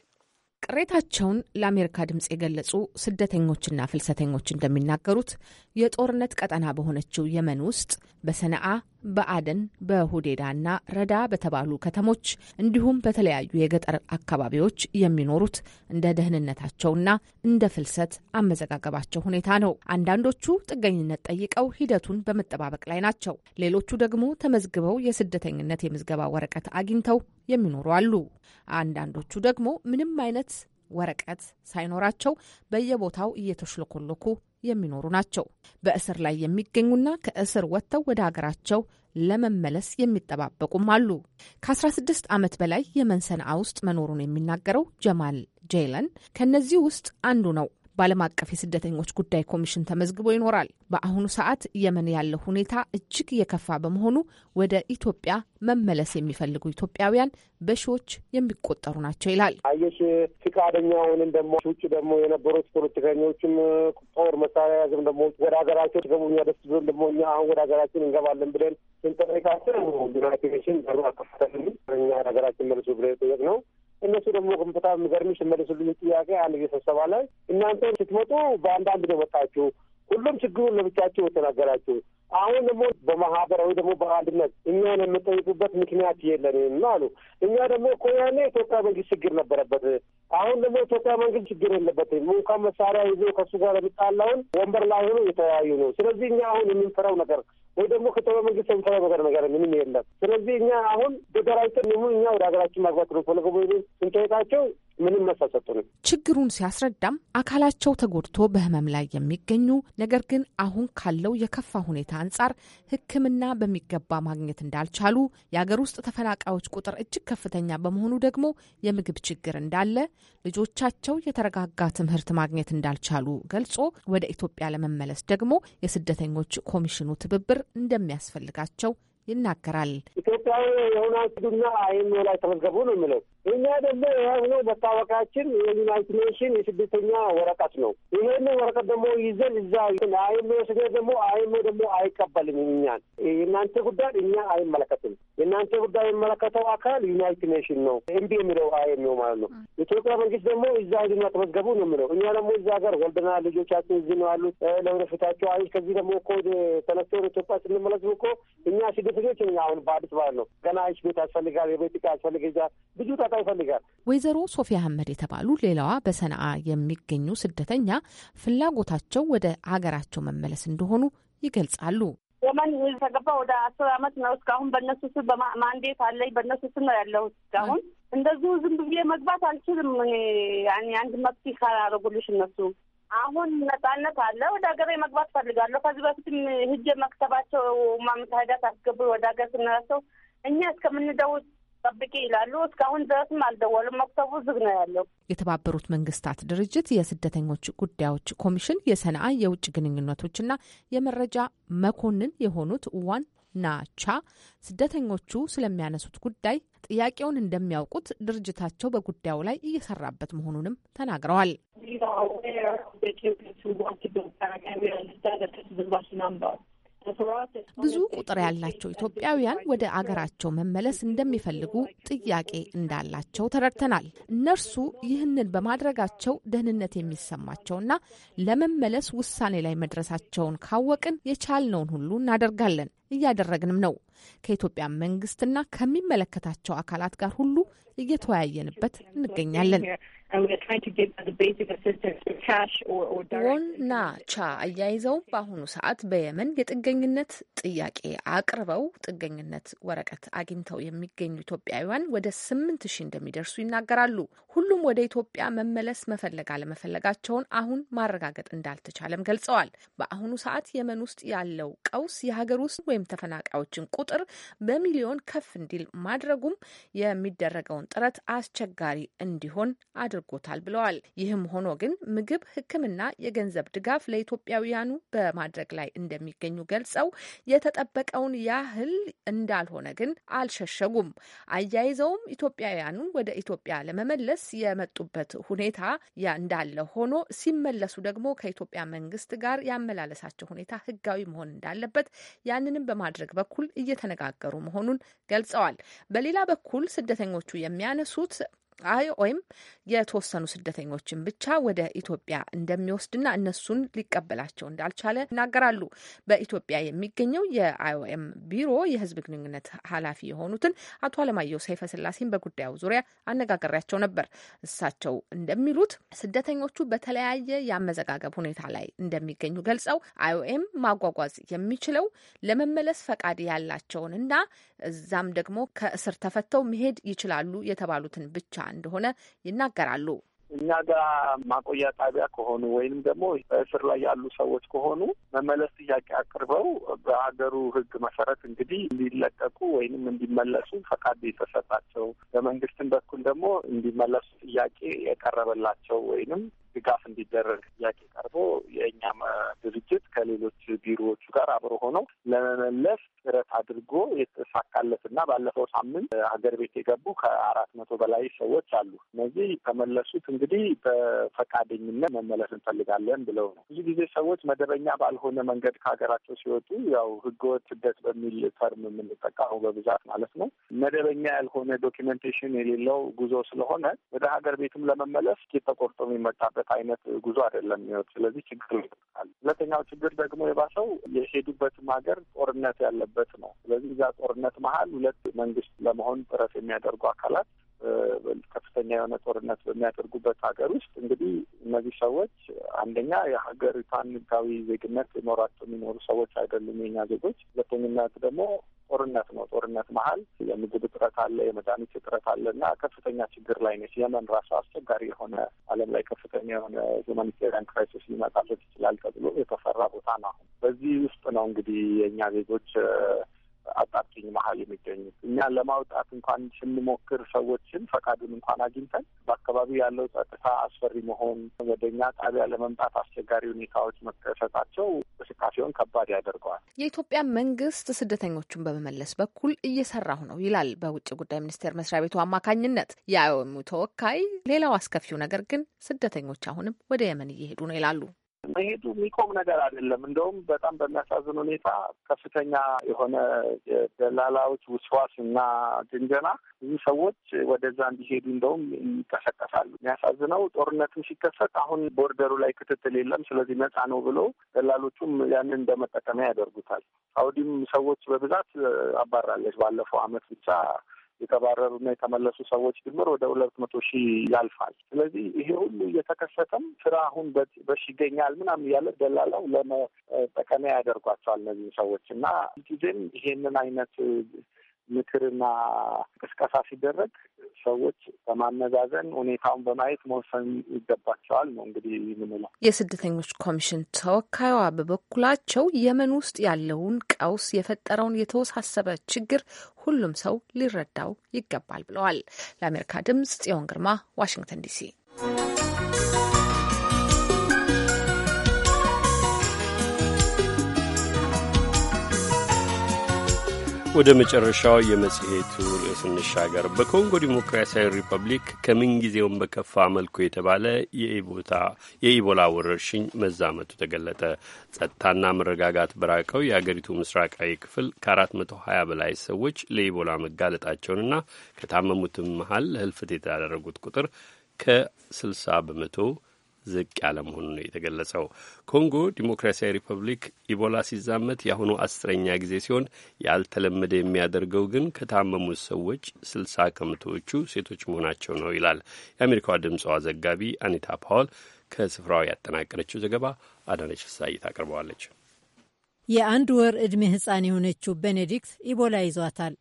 ቅሬታቸውን ለአሜሪካ ድምፅ የገለጹ ስደተኞችና ፍልሰተኞች እንደሚናገሩት የጦርነት ቀጠና በሆነችው የመን ውስጥ በሰነአ በአደን በሁዴዳና ረዳ በተባሉ ከተሞች እንዲሁም በተለያዩ የገጠር አካባቢዎች የሚኖሩት እንደ ደህንነታቸውና እንደ ፍልሰት አመዘጋገባቸው ሁኔታ ነው። አንዳንዶቹ ጥገኝነት ጠይቀው ሂደቱን በመጠባበቅ ላይ ናቸው። ሌሎቹ ደግሞ ተመዝግበው የስደተኝነት የምዝገባ ወረቀት አግኝተው የሚኖሩ አሉ። አንዳንዶቹ ደግሞ ምንም አይነት ወረቀት ሳይኖራቸው በየቦታው እየተሽለኮለኩ የሚኖሩ ናቸው። በእስር ላይ የሚገኙና ከእስር ወጥተው ወደ ሀገራቸው ለመመለስ የሚጠባበቁም አሉ። ከ16 ዓመት በላይ የመንሰንአ ውስጥ መኖሩን የሚናገረው ጀማል ጄለን ከእነዚህ ውስጥ አንዱ ነው። በዓለም አቀፍ የስደተኞች ጉዳይ ኮሚሽን ተመዝግቦ ይኖራል። በአሁኑ ሰዓት የመን ያለው ሁኔታ እጅግ የከፋ በመሆኑ ወደ ኢትዮጵያ መመለስ የሚፈልጉ ኢትዮጵያውያን በሺዎች የሚቆጠሩ ናቸው ይላል። አየሽ ፍቃደኛ ሆንን ደግሞ ውጭ ደግሞ የነበሩት ፖለቲከኞችም ጦር መሳሪያ ያዝም ደግሞ ወደ ሀገራቸው ገቡ ደስ ብሎን ደግሞ እኛ አሁን ወደ ሀገራችን እንገባለን ብለን ስንጠይቃቸው ዩናይትድ ኔሽን በሩ አከፈተልን እኛ ሀገራችን መልሱ ብለን የጠየቅነው እነሱ ደግሞ በጣም የሚገርምሽ የመለሱልኝ ጥያቄ አንድ ጊዜ ስብሰባ ላይ እናንተ ስትመጡ በአንዳንድ ነው ወጣችሁ፣ ሁሉም ችግሩን ለብቻችሁ የተናገራችሁ። አሁን ደግሞ በማህበራዊ ደግሞ በአንድነት እኛን የምጠይቁበት ምክንያት የለንም አሉ። እኛ ደግሞ እኮ ያኔ ኢትዮጵያ መንግስት ችግር ነበረበት። አሁን ደግሞ ኢትዮጵያ መንግስት ችግር የለበትም። እንኳን መሳሪያ ይዞ ከሱ ጋር የሚጣላውን ወንበር ላይ ሆኖ የተወያዩ ነው። ስለዚህ እኛ አሁን የምንፈራው ነገር ወይ ደግሞ ከጦር መንግስት የሚሰራው ነገር ነገር ምንም የለም። ስለዚህ እኛ አሁን ተደራጅተን ደግሞ እኛ ወደ ሀገራችን ማግባት ነው ፈለገ ወይ ስንጠይቃቸው ምንም መሳሰጡ ነው። ችግሩን ሲያስረዳም አካላቸው ተጎድቶ በህመም ላይ የሚገኙ ነገር ግን አሁን ካለው የከፋ ሁኔታ አንጻር ሕክምና በሚገባ ማግኘት እንዳልቻሉ፣ የአገር ውስጥ ተፈናቃዮች ቁጥር እጅግ ከፍተኛ በመሆኑ ደግሞ የምግብ ችግር እንዳለ፣ ልጆቻቸው የተረጋጋ ትምህርት ማግኘት እንዳልቻሉ ገልጾ ወደ ኢትዮጵያ ለመመለስ ደግሞ የስደተኞች ኮሚሽኑ ትብብር እንደሚያስፈልጋቸው ይናገራል። ኢትዮጵያዊ የሆናችሁና አይም ላይ ተመዝገቡ ነው የሚለው እኛ ደግሞ የያዝነው መታወቂያችን የዩናይትድ ኔሽን የስደተኛ ወረቀት ነው። ይሄን ወረቀት ደግሞ ይዘን እዛ አይሞ ስደ ደግሞ አይሞ ደግሞ አይቀበልም እኛን። የእናንተ ጉዳይ እኛ አይመለከትም። የእናንተ ጉዳይ የሚመለከተው አካል ዩናይትድ ኔሽን ነው። እንዲህ የሚለው አይም ነው ማለት ነው። ኢትዮጵያ መንግስት ደግሞ እዛ ሂዱና ተመዝገቡ ነው የሚለው። እኛ ደግሞ እዛ ሀገር ወልደና ልጆቻችን እዚህ ነው ያሉት ለወደፊታቸው። አይ ከዚህ ደግሞ እኮ ተነስቶ ኢትዮጵያ ስንመለስ እኮ እኛ ስደተኞች አሁን በአዲስ ማለት ነው ገና ቤት ያስፈልጋል፣ የቤት ዕቃ ያስፈልግ ብዙ እርዳታ ይፈልጋል። ወይዘሮ ሶፊያ አህመድ የተባሉ ሌላዋ በሰንአ የሚገኙ ስደተኛ ፍላጎታቸው ወደ አገራቸው መመለስ እንደሆኑ ይገልጻሉ። የመን ተገባ ወደ አስር አመት ነው። እስካሁን በእነሱ ስር በማንዴት አለኝ። በእነሱ ስር ነው ያለሁት እስካሁን። እንደዚሁ ዝም ብዬ መግባት አልችልም። አንድ መፍትሄ ካላረጉልሽ እነሱ አሁን ነጻነት አለ። ወደ ሀገሬ መግባት ፈልጋለሁ። ከዚህ በፊትም ህጀ መክተባቸው ማምታሄዳት አስገብር ወደ ሀገር ስንረሰው እኛ እስከምንደውል ጠብቂ ይላሉ። እስካሁን ድረስም አልደወሉም። መክተቡ ዝግ ነው ያለው። የተባበሩት መንግስታት ድርጅት የስደተኞች ጉዳዮች ኮሚሽን የሰንአ የውጭ ግንኙነቶችና የመረጃ መኮንን የሆኑት ዋን ናቻ ስደተኞቹ ስለሚያነሱት ጉዳይ ጥያቄውን እንደሚያውቁት ድርጅታቸው በጉዳዩ ላይ እየሰራበት መሆኑንም ተናግረዋል። ብዙ ቁጥር ያላቸው ኢትዮጵያውያን ወደ አገራቸው መመለስ እንደሚፈልጉ ጥያቄ እንዳላቸው ተረድተናል። እነርሱ ይህንን በማድረጋቸው ደህንነት የሚሰማቸውና ለመመለስ ውሳኔ ላይ መድረሳቸውን ካወቅን የቻልነውን ሁሉ እናደርጋለን፣ እያደረግንም ነው። ከኢትዮጵያ መንግስትና ከሚመለከታቸው አካላት ጋር ሁሉ እየተወያየንበት እንገኛለን። ዎና ቻ አያይዘው በአሁኑ ሰዓት በየመን የጥገኝነት ጥያቄ አቅርበው ጥገኝነት ወረቀት አግኝተው የሚገኙ ኢትዮጵያውያን ወደ ስምንት ሺህ እንደሚደርሱ ይናገራሉ። ሁሉም ወደ ኢትዮጵያ መመለስ መፈለግ አለመፈለጋቸውን አሁን ማረጋገጥ እንዳልተቻለም ገልጸዋል። በአሁኑ ሰዓት የመን ውስጥ ያለው ቀውስ የሀገር ውስጥ ወይም ተፈናቃዮችን ቁጥር በሚሊዮን ከፍ እንዲል ማድረጉም የሚደረገውን ጥረት አስቸጋሪ እንዲሆን አድርጓል። አድርጎታል ብለዋል። ይህም ሆኖ ግን ምግብ፣ ሕክምና፣ የገንዘብ ድጋፍ ለኢትዮጵያውያኑ በማድረግ ላይ እንደሚገኙ ገልጸው የተጠበቀውን ያህል እንዳልሆነ ግን አልሸሸጉም። አያይዘውም ኢትዮጵያውያኑ ወደ ኢትዮጵያ ለመመለስ የመጡበት ሁኔታ እንዳለ ሆኖ ሲመለሱ ደግሞ ከኢትዮጵያ መንግስት ጋር ያመላለሳቸው ሁኔታ ህጋዊ መሆን እንዳለበት ያንንም በማድረግ በኩል እየተነጋገሩ መሆኑን ገልጸዋል። በሌላ በኩል ስደተኞቹ የሚያነሱት አይኦኤም የተወሰኑ ስደተኞችን ብቻ ወደ ኢትዮጵያ እንደሚወስድና እነሱን ሊቀበላቸው እንዳልቻለ ይናገራሉ። በኢትዮጵያ የሚገኘው የአይኦኤም ቢሮ የሕዝብ ግንኙነት ኃላፊ የሆኑትን አቶ አለማየሁ ሰይፈ ስላሴን በጉዳዩ ዙሪያ አነጋገሪያቸው ነበር። እሳቸው እንደሚሉት ስደተኞቹ በተለያየ የአመዘጋገብ ሁኔታ ላይ እንደሚገኙ ገልጸው አይኦኤም ማጓጓዝ የሚችለው ለመመለስ ፈቃድ ያላቸውን እና እዛም ደግሞ ከእስር ተፈተው መሄድ ይችላሉ የተባሉትን ብቻ እንደሆነ ይናገራሉ። እኛ ጋር ማቆያ ጣቢያ ከሆኑ ወይንም ደግሞ በእስር ላይ ያሉ ሰዎች ከሆኑ መመለስ ጥያቄ አቅርበው በሀገሩ ሕግ መሰረት እንግዲህ እንዲለቀቁ ወይንም እንዲመለሱ ፈቃድ የተሰጣቸው በመንግስትም በኩል ደግሞ እንዲመለሱ ጥያቄ የቀረበላቸው ወይንም ድጋፍ እንዲደረግ ጥያቄ ቀርቦ የእኛም ድርጅት ከሌሎች ቢሮዎቹ ጋር አብሮ ሆነው ለመመለስ ጥረት አድርጎ የተሳካለትና ባለፈው ሳምንት ሀገር ቤት የገቡ ከአራት መቶ በላይ ሰዎች አሉ። እነዚህ ከመለሱት እንግዲህ በፈቃደኝነት መመለስ እንፈልጋለን ብለው ነው። ብዙ ጊዜ ሰዎች መደበኛ ባልሆነ መንገድ ከሀገራቸው ሲወጡ ያው ህገወጥ ስደት በሚል ተርም የምንጠቀመው በብዛት ማለት ነው። መደበኛ ያልሆነ ዶኪመንቴሽን የሌለው ጉዞ ስለሆነ ወደ ሀገር ቤትም ለመመለስ ኬት ተቆርጦ የሚመጣበት አይነት ጉዞ አይደለም የሚወት ስለዚህ ችግር ይጠቃል። ሁለተኛው ችግር ደግሞ የባሰው የሄዱበትም ሀገር ጦርነት ያለበት ያለበት ነው። ስለዚህ እዛ ጦርነት መሀል ሁለት መንግስት ለመሆን ጥረት የሚያደርጉ አካላት ከፍተኛ የሆነ ጦርነት በሚያደርጉበት ሀገር ውስጥ እንግዲህ እነዚህ ሰዎች አንደኛ የሀገሪቷን ህጋዊ ዜግነት ሊኖራቸው የሚኖሩ ሰዎች አይደሉም የኛ ዜጎች። ሁለተኝነት ደግሞ ጦርነት ነው። ጦርነት መሀል የምግብ እጥረት አለ፣ የመድኃኒት እጥረት አለ እና ከፍተኛ ችግር ላይ ነች የመን ራሱ አስቸጋሪ የሆነ ዓለም ላይ ከፍተኛ የሆነ ሁማኒቴሪያን ክራይሲስ ሊመጣበት ይችላል ተብሎ የተፈራ ቦታ ነው። አሁን በዚህ ውስጥ ነው እንግዲህ የእኛ ዜጎች አጣብቂኝ መሀል የሚገኙት እኛ ለማውጣት እንኳን ስንሞክር ሰዎችን ፈቃዱን እንኳን አግኝተን በአካባቢው ያለው ጸጥታ አስፈሪ መሆን፣ ወደኛ ጣቢያ ለመምጣት አስቸጋሪ ሁኔታዎች መከሰታቸው እንቅስቃሴውን ከባድ ያደርገዋል። የኢትዮጵያ መንግስት ስደተኞቹን በመመለስ በኩል እየሰራሁ ነው ይላል በውጭ ጉዳይ ሚኒስቴር መስሪያ ቤቱ አማካኝነት የአይኦኤሙ ተወካይ። ሌላው አስከፊው ነገር ግን ስደተኞች አሁንም ወደ የመን እየሄዱ ነው ይላሉ። መሄዱ የሚቆም ነገር አይደለም። እንደውም በጣም በሚያሳዝን ሁኔታ ከፍተኛ የሆነ ደላላዎች ውስዋስ እና ድንገና ብዙ ሰዎች ወደዛ እንዲሄዱ እንደውም ይቀሰቀሳሉ። የሚያሳዝነው ጦርነትም ሲከሰት አሁን ቦርደሩ ላይ ክትትል የለም። ስለዚህ ነፃ ነው ብሎ ደላሎቹም ያንን እንደመጠቀሚያ ያደርጉታል። ሳውዲም ሰዎች በብዛት አባራለች ባለፈው አመት ብቻ የተባረሩና የተመለሱ ሰዎች ድምር ወደ ሁለት መቶ ሺህ ያልፋል። ስለዚህ ይሄ ሁሉ እየተከሰተም ስራ አሁን በሽ ይገኛል ምናምን እያለ ደላላው ለመጠቀሚያ ያደርጓቸዋል እነዚህ ሰዎች እና ጊዜም ይሄንን አይነት ምክርና ቅስቀሳ ሲደረግ ሰዎች በማመዛዘን ሁኔታውን በማየት መወሰን ይገባቸዋል ነው እንግዲህ የምንለው። የስደተኞች ኮሚሽን ተወካዩዋ በበኩላቸው የመን ውስጥ ያለውን ቀውስ የፈጠረውን የተወሳሰበ ችግር ሁሉም ሰው ሊረዳው ይገባል ብለዋል። ለአሜሪካ ድምጽ ጽዮን ግርማ ዋሽንግተን ዲሲ። ወደ መጨረሻው የመጽሔቱ ርዕስ እንሻገር። በኮንጎ ዲሞክራሲያዊ ሪፐብሊክ ከምንጊዜውም በከፋ መልኩ የተባለ የኢቦላ ወረርሽኝ መዛመቱ ተገለጠ። ጸጥታና መረጋጋት በራቀው የአገሪቱ ምስራቃዊ ክፍል ከ420 በላይ ሰዎች ለኢቦላ መጋለጣቸውንና ከታመሙትም መሀል ለህልፈት የተዳረጉት ቁጥር ከ60 በመቶ ዝቅ ያለ መሆኑ ነው የተገለጸው። ኮንጎ ዲሞክራሲያዊ ሪፐብሊክ ኢቦላ ሲዛመት የአሁኑ አስረኛ ጊዜ ሲሆን ያልተለመደ የሚያደርገው ግን ከታመሙት ሰዎች ስልሳ ከመቶዎቹ ሴቶች መሆናቸው ነው ይላል የአሜሪካዋ ድምፅዋ ዘጋቢ አኒታ ፓውል ከስፍራው ያጠናቀረችው ዘገባ አዳነች ፍሳይ ታቀርበዋለች። የአንድ ወር ዕድሜ ሕፃን የሆነችው ቤኔዲክት ኢቦላ ይዟታል።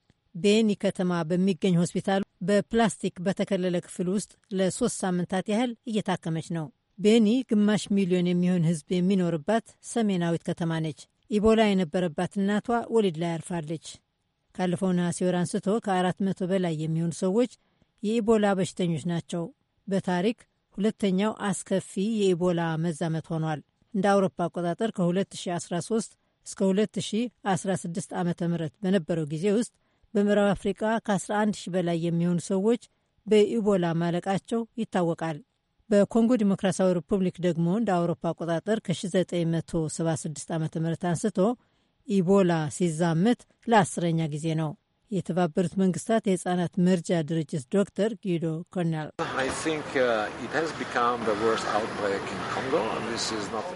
ቤኒ ከተማ በሚገኝ ሆስፒታል በፕላስቲክ በተከለለ ክፍል ውስጥ ለሶስት ሳምንታት ያህል እየታከመች ነው። ቤኒ ግማሽ ሚሊዮን የሚሆን ህዝብ የሚኖርባት ሰሜናዊት ከተማ ነች። ኢቦላ የነበረባት እናቷ ወሊድ ላይ አርፋለች። ካለፈው ነሐሴ ወር አንስቶ ከአራት መቶ በላይ የሚሆኑ ሰዎች የኢቦላ በሽተኞች ናቸው። በታሪክ ሁለተኛው አስከፊ የኢቦላ መዛመት ሆኗል። እንደ አውሮፓ አቆጣጠር ከ2013 እስከ 2016 ዓ ም በነበረው ጊዜ ውስጥ በምዕራብ አፍሪቃ ከ11 ሺ በላይ የሚሆኑ ሰዎች በኢቦላ ማለቃቸው ይታወቃል። በኮንጎ ዲሞክራሲያዊ ሪፑብሊክ ደግሞ እንደ አውሮፓ አቆጣጠር ከ1976 ዓ ም አንስቶ ኢቦላ ሲዛመት ለአስረኛ ጊዜ ነው። የተባበሩት መንግስታት የህፃናት መርጃ ድርጅት ዶክተር ጊዶ ኮርኔል uh,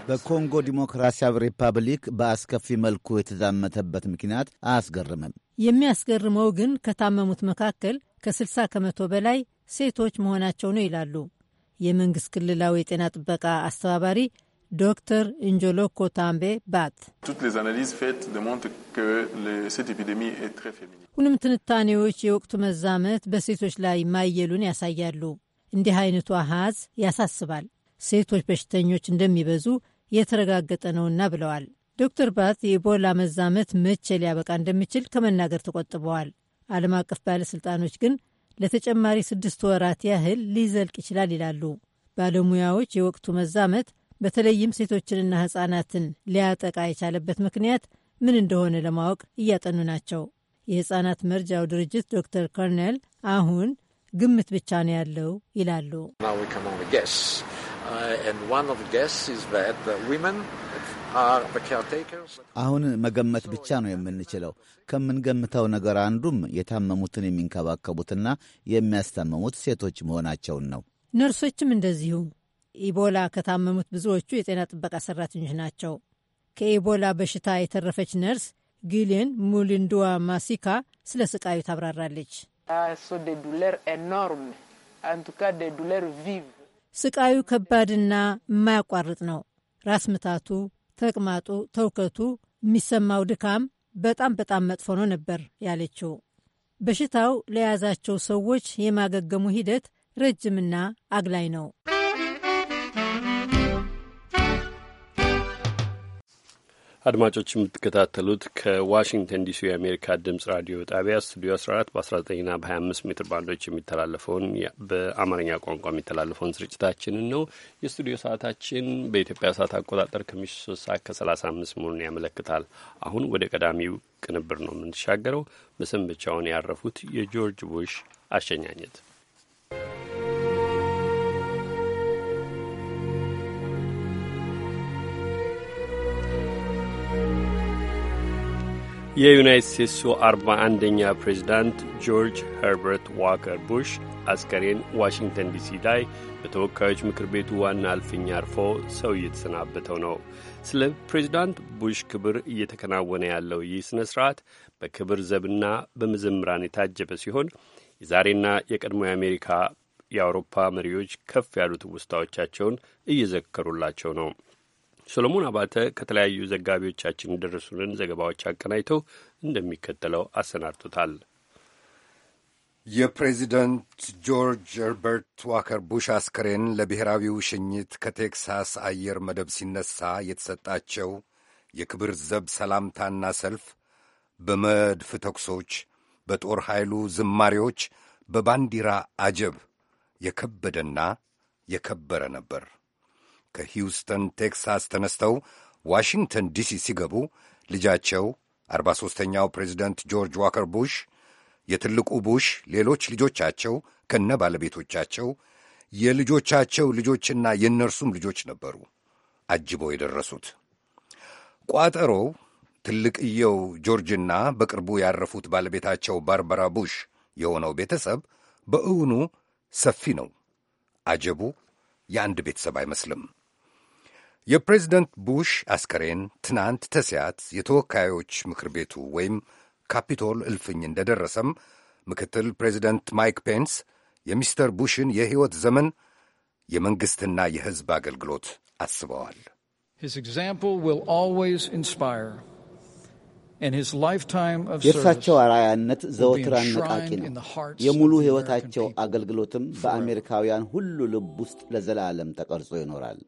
በኮንጎ ዲሞክራሲያዊ ሪፐብሊክ በአስከፊ መልኩ የተዛመተበት ምክንያት አያስገርምም። የሚያስገርመው ግን ከታመሙት መካከል ከ60 ከመቶ በላይ ሴቶች መሆናቸው ነው ይላሉ የመንግስት ክልላዊ የጤና ጥበቃ አስተባባሪ ዶክተር እንጆሎኮ ታምቤ ባት ሁሉም ትንታኔዎች የወቅቱ መዛመት በሴቶች ላይ ማየሉን ያሳያሉ። እንዲህ አይነቱ አሃዝ ያሳስባል። ሴቶች በሽተኞች እንደሚበዙ የተረጋገጠ ነውና ብለዋል ዶክተር ባት። የኢቦላ መዛመት መቼ ሊያበቃ እንደሚችል ከመናገር ተቆጥበዋል። ዓለም አቀፍ ባለሥልጣኖች ግን ለተጨማሪ ስድስት ወራት ያህል ሊዘልቅ ይችላል ይላሉ ባለሙያዎች። የወቅቱ መዛመት በተለይም ሴቶችንና ሕፃናትን ሊያጠቃ የቻለበት ምክንያት ምን እንደሆነ ለማወቅ እያጠኑ ናቸው። የሕፃናት መርጃው ድርጅት ዶክተር ኮርኔል አሁን ግምት ብቻ ነው ያለው ይላሉ። አሁን መገመት ብቻ ነው የምንችለው። ከምንገምተው ነገር አንዱም የታመሙትን የሚንከባከቡትና የሚያስታመሙት ሴቶች መሆናቸውን ነው። ነርሶችም እንደዚሁ። ኢቦላ ከታመሙት ብዙዎቹ የጤና ጥበቃ ሰራተኞች ናቸው። ከኢቦላ በሽታ የተረፈች ነርስ ጊሊን ሙሊንድዋ ማሲካ ስለ ስቃዩ ታብራራለች። ስቃዩ ከባድና የማያቋርጥ ነው። ራስ ምታቱ፣ ተቅማጡ፣ ተውከቱ፣ የሚሰማው ድካም በጣም በጣም መጥፎ ነው ነበር ያለችው። በሽታው ለያዛቸው ሰዎች የማገገሙ ሂደት ረጅምና አግላይ ነው። አድማጮች የምትከታተሉት ከዋሽንግተን ዲሲ የአሜሪካ ድምጽ ራዲዮ ጣቢያ ስቱዲዮ 14 በ19ና በ25 ሜትር ባንዶች የሚተላለፈውን በአማርኛ ቋንቋ የሚተላለፈውን ስርጭታችንን ነው። የስቱዲዮ ሰዓታችን በኢትዮጵያ ሰዓት አቆጣጠር ከምሽቱ 3 ሰዓት ከ35 መሆኑን ያመለክታል። አሁን ወደ ቀዳሚው ቅንብር ነው የምንሻገረው። መሰንበቻውን ያረፉት የጆርጅ ቡሽ አሸኛኘት የዩናይት ስቴትሱ አርባ አንደኛ ፕሬዚዳንት ጆርጅ ኸርበርት ዋከር ቡሽ አስከሬን ዋሽንግተን ዲሲ ላይ በተወካዮች ምክር ቤቱ ዋና አልፍኛ አርፎ ሰው እየተሰናበተው ነው። ስለ ፕሬዚዳንት ቡሽ ክብር እየተከናወነ ያለው ይህ ሥነ ሥርዓት በክብር ዘብና በመዘምራን የታጀበ ሲሆን የዛሬና የቀድሞ የአሜሪካ የአውሮፓ መሪዎች ከፍ ያሉት ውስታዎቻቸውን እየዘከሩላቸው ነው። ሰሎሞን አባተ ከተለያዩ ዘጋቢዎቻችን የደረሱንን ዘገባዎች አቀናይተው እንደሚከተለው አሰናድቶታል። የፕሬዚደንት ጆርጅ ሄርበርት ዋከር ቡሽ አስከሬን ለብሔራዊው ሽኝት ከቴክሳስ አየር መደብ ሲነሳ የተሰጣቸው የክብር ዘብ ሰላምታና ሰልፍ በመድፍ ተኩሶች፣ በጦር ኃይሉ ዝማሬዎች፣ በባንዲራ አጀብ የከበደና የከበረ ነበር። ከሂውስተን ቴክሳስ ተነስተው ዋሽንግተን ዲሲ ሲገቡ ልጃቸው አርባ ሦስተኛው ፕሬዚደንት ጆርጅ ዋከር ቡሽ፣ የትልቁ ቡሽ ሌሎች ልጆቻቸው ከነ ባለቤቶቻቸው፣ የልጆቻቸው ልጆችና የእነርሱም ልጆች ነበሩ አጅበው የደረሱት። ቋጠሮው ትልቅየው ጆርጅና በቅርቡ ያረፉት ባለቤታቸው ባርበራ ቡሽ የሆነው ቤተሰብ በእውኑ ሰፊ ነው። አጀቡ የአንድ ቤተሰብ አይመስልም። የፕሬዚደንት ቡሽ አስከሬን ትናንት ተሲያት የተወካዮች ምክር ቤቱ ወይም ካፒቶል እልፍኝ እንደደረሰም ምክትል ፕሬዚደንት ማይክ ፔንስ የሚስተር ቡሽን የሕይወት ዘመን የመንግሥትና የሕዝብ አገልግሎት አስበዋል። የእርሳቸው አራያነት ዘወትር አነቃቂ ነው። የሙሉ ሕይወታቸው አገልግሎትም በአሜሪካውያን ሁሉ ልብ ውስጥ ለዘላለም ተቀርጾ ይኖራል።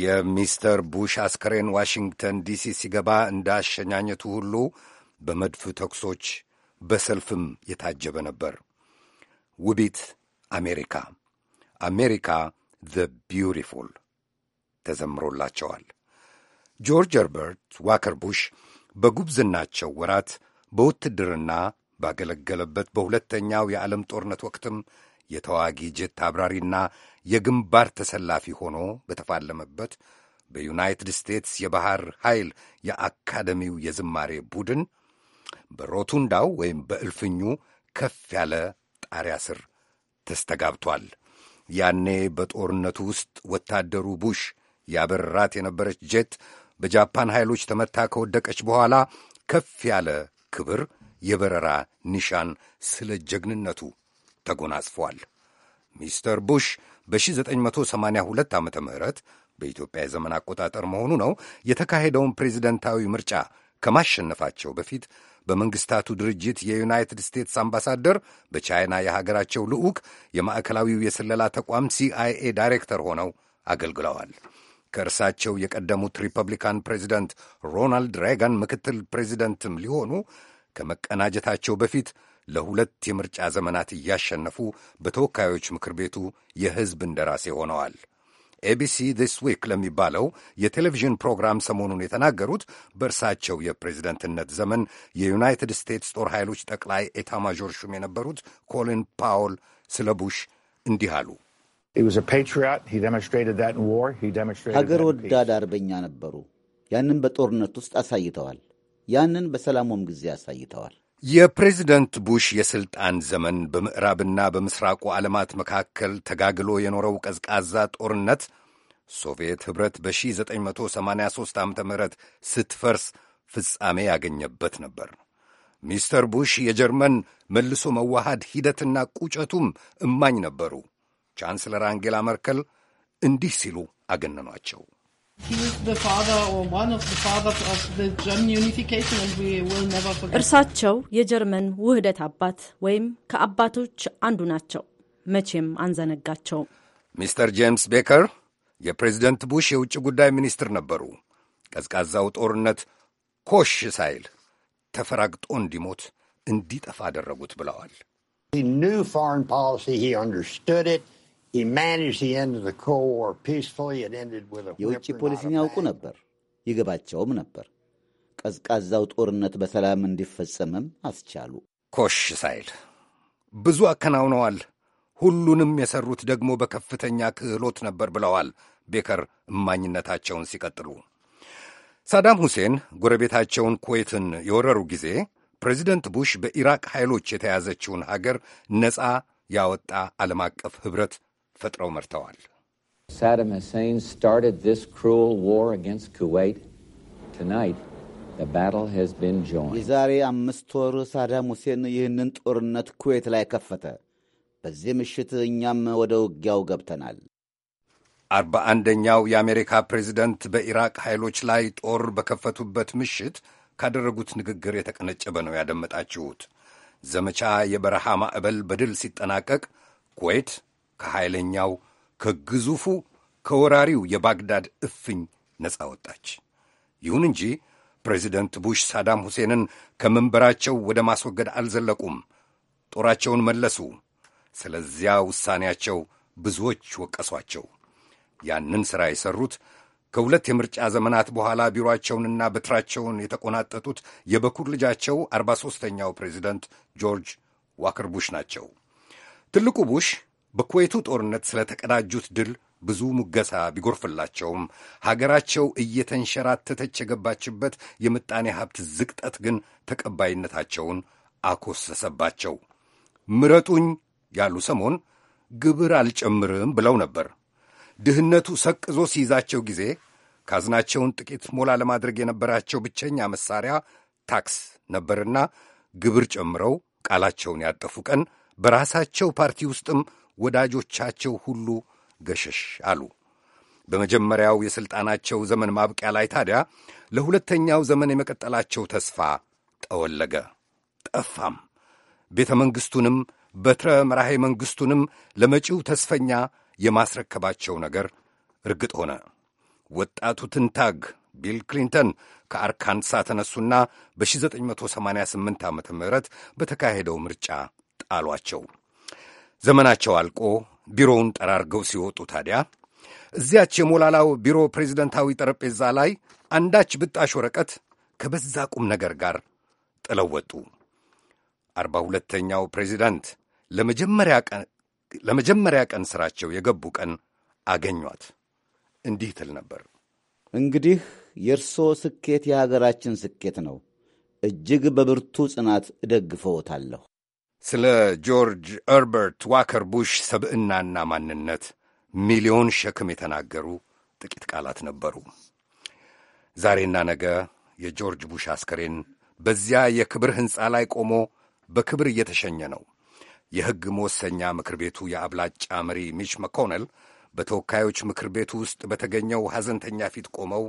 የሚስተር ቡሽ አስከሬን ዋሽንግተን ዲሲ ሲገባ እንደ አሸኛኘቱ ሁሉ በመድፍ ተኩሶች በሰልፍም የታጀበ ነበር። ውቢት አሜሪካ አሜሪካ ዘ ቢውቲፉል ተዘምሮላቸዋል። ጆርጅ ኸርበርት ዋከር ቡሽ በጉብዝናቸው ወራት በውትድርና ባገለገለበት በሁለተኛው የዓለም ጦርነት ወቅትም የተዋጊ ጄት አብራሪና የግንባር ተሰላፊ ሆኖ በተፋለመበት በዩናይትድ ስቴትስ የባህር ኃይል የአካደሚው የዝማሬ ቡድን በሮቱንዳው ወይም በእልፍኙ ከፍ ያለ ጣሪያ ስር ተስተጋብቷል። ያኔ በጦርነቱ ውስጥ ወታደሩ ቡሽ ያበረራት የነበረች ጄት በጃፓን ኃይሎች ተመታ ከወደቀች በኋላ ከፍ ያለ ክብር የበረራ ኒሻን ስለ ጀግንነቱ ተጎናጽፏል። ሚስተር ቡሽ በ1982 ዓ ም በኢትዮጵያ የዘመን አቆጣጠር መሆኑ ነው የተካሄደውን ፕሬዚደንታዊ ምርጫ ከማሸነፋቸው በፊት በመንግስታቱ ድርጅት የዩናይትድ ስቴትስ አምባሳደር በቻይና የሀገራቸው ልዑክ የማዕከላዊው የስለላ ተቋም ሲአይኤ ዳይሬክተር ሆነው አገልግለዋል። ከእርሳቸው የቀደሙት ሪፐብሊካን ፕሬዚደንት ሮናልድ ሬጋን ምክትል ፕሬዚደንትም ሊሆኑ ከመቀናጀታቸው በፊት ለሁለት የምርጫ ዘመናት እያሸነፉ በተወካዮች ምክር ቤቱ የሕዝብ እንደራሴ ሆነዋል። ኤቢሲ ዲስ ዊክ ለሚባለው የቴሌቪዥን ፕሮግራም ሰሞኑን የተናገሩት በእርሳቸው የፕሬዝደንትነት ዘመን የዩናይትድ ስቴትስ ጦር ኃይሎች ጠቅላይ ማዦር ሹም የነበሩት ኮሊን ፓውል ስለ ቡሽ እንዲህ አሉ። ሀገር ወዳድ አርበኛ ነበሩ። ያንን በጦርነት ውስጥ አሳይተዋል። ያንን በሰላሙም ጊዜ አሳይተዋል። የፕሬዚደንት ቡሽ የሥልጣን ዘመን በምዕራብና በምሥራቁ ዓለማት መካከል ተጋግሎ የኖረው ቀዝቃዛ ጦርነት ሶቪየት ኅብረት በ1983 ዓ ም ስትፈርስ ፍጻሜ ያገኘበት ነበር። ሚስተር ቡሽ የጀርመን መልሶ መዋሃድ ሂደትና ቁጨቱም እማኝ ነበሩ። ቻንስለር አንጌላ መርከል እንዲህ ሲሉ አገነኗቸው። እርሳቸው የጀርመን ውህደት አባት ወይም ከአባቶች አንዱ ናቸው። መቼም አንዘነጋቸውም። ሚስተር ጄምስ ቤከር የፕሬዚደንት ቡሽ የውጭ ጉዳይ ሚኒስትር ነበሩ። ቀዝቃዛው ጦርነት ኮሽ ሳይል ተፈራግጦ እንዲሞት እንዲጠፋ አደረጉት ብለዋል። የውጭ ፖሊሲን ያውቁ ነበር፣ ይገባቸውም ነበር። ቀዝቃዛው ጦርነት በሰላም እንዲፈጸምም አስቻሉ። ኮሽ ሳይል ብዙ አከናውነዋል። ሁሉንም የሰሩት ደግሞ በከፍተኛ ክህሎት ነበር ብለዋል ቤከር እማኝነታቸውን ሲቀጥሉ። ሳዳም ሁሴን ጎረቤታቸውን ኩዌትን የወረሩ ጊዜ ፕሬዚደንት ቡሽ በኢራቅ ኃይሎች የተያዘችውን ሀገር ነፃ ያወጣ ዓለም አቀፍ ኅብረት ፈጥረው መርተዋል። ሳዳም ሁሴን started this cruel war against Kuwait tonight. The battle has been የዛሬ አምስት ወር ሳዳም ሁሴን ይህንን ጦርነት ኩዌት ላይ ከፈተ። በዚህ ምሽት እኛም ወደ ውጊያው ገብተናል። አርባ አንደኛው የአሜሪካ ፕሬዚደንት በኢራቅ ኃይሎች ላይ ጦር በከፈቱበት ምሽት ካደረጉት ንግግር የተቀነጨበ ነው ያደመጣችሁት። ዘመቻ የበረሃ ማዕበል በድል ሲጠናቀቅ ኩዌት ከኃይለኛው ከግዙፉ ከወራሪው የባግዳድ እፍኝ ነፃ ወጣች። ይሁን እንጂ ፕሬዚደንት ቡሽ ሳዳም ሁሴንን ከመንበራቸው ወደ ማስወገድ አልዘለቁም። ጦራቸውን መለሱ። ስለዚያ ውሳኔያቸው ብዙዎች ወቀሷቸው። ያንን ሥራ የሠሩት ከሁለት የምርጫ ዘመናት በኋላ ቢሮአቸውንና በትራቸውን የተቆናጠጡት የበኩር ልጃቸው አርባ ሦስተኛው ፕሬዚደንት ጆርጅ ዋከር ቡሽ ናቸው። ትልቁ ቡሽ በኩዌቱ ጦርነት ስለተቀዳጁት ድል ብዙ ሙገሳ ቢጎርፍላቸውም ሀገራቸው እየተንሸራተተች የገባችበት የምጣኔ ሀብት ዝቅጠት ግን ተቀባይነታቸውን አኮሰሰባቸው። ምረጡኝ ያሉ ሰሞን ግብር አልጨምርም ብለው ነበር። ድህነቱ ሰቅዞ ሲይዛቸው ጊዜ ካዝናቸውን ጥቂት ሞላ ለማድረግ የነበራቸው ብቸኛ መሳሪያ ታክስ ነበርና ግብር ጨምረው ቃላቸውን ያጠፉ ቀን በራሳቸው ፓርቲ ውስጥም ወዳጆቻቸው ሁሉ ገሸሽ አሉ። በመጀመሪያው የሥልጣናቸው ዘመን ማብቂያ ላይ ታዲያ ለሁለተኛው ዘመን የመቀጠላቸው ተስፋ ጠወለገ፣ ጠፋም። ቤተ መንግሥቱንም በትረ መራሄ መንግሥቱንም ለመጪው ተስፈኛ የማስረከባቸው ነገር እርግጥ ሆነ። ወጣቱ ትንታግ ቢል ክሊንተን ከአርካንሳ ተነሱና በ1988 ዓ ም በተካሄደው ምርጫ ጣሏቸው። ዘመናቸው አልቆ ቢሮውን ጠራርገው ሲወጡ ታዲያ እዚያች የሞላላው ቢሮ ፕሬዚደንታዊ ጠረጴዛ ላይ አንዳች ብጣሽ ወረቀት ከበዛ ቁም ነገር ጋር ጥለው ወጡ። አርባ ሁለተኛው ፕሬዚዳንት ለመጀመሪያ ቀን ሥራቸው የገቡ ቀን አገኟት። እንዲህ ትል ነበር። እንግዲህ የእርሶ ስኬት የሀገራችን ስኬት ነው። እጅግ በብርቱ ጽናት እደግፈዎታለሁ። ስለ ጆርጅ እርበርት ዋከር ቡሽ ሰብዕናና ማንነት ሚሊዮን ሸክም የተናገሩ ጥቂት ቃላት ነበሩ። ዛሬና ነገ የጆርጅ ቡሽ አስከሬን በዚያ የክብር ሕንፃ ላይ ቆሞ በክብር እየተሸኘ ነው። የሕግ መወሰኛ ምክር ቤቱ የአብላጫ መሪ ሚች መኮነል በተወካዮች ምክር ቤቱ ውስጥ በተገኘው ሐዘንተኛ ፊት ቆመው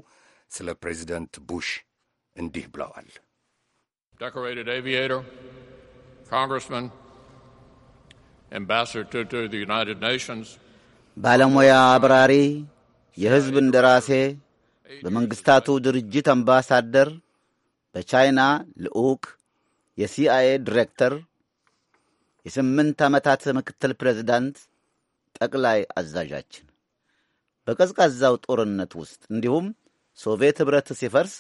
ስለ ፕሬዚደንት ቡሽ እንዲህ ብለዋል። Congressman, Ambassador to, to the United Nations, ባለሙያ አብራሪ፣ የሕዝብ እንደራሴ፣ በመንግሥታቱ ድርጅት አምባሳደር፣ በቻይና ልዑክ፣ የሲአይኤ ዲሬክተር፣ የስምንት ዓመታት ምክትል ፕሬዚዳንት፣ ጠቅላይ አዛዣችን በቀዝቃዛው ጦርነት ውስጥ እንዲሁም ሶቪየት ኅብረት ሲፈርስ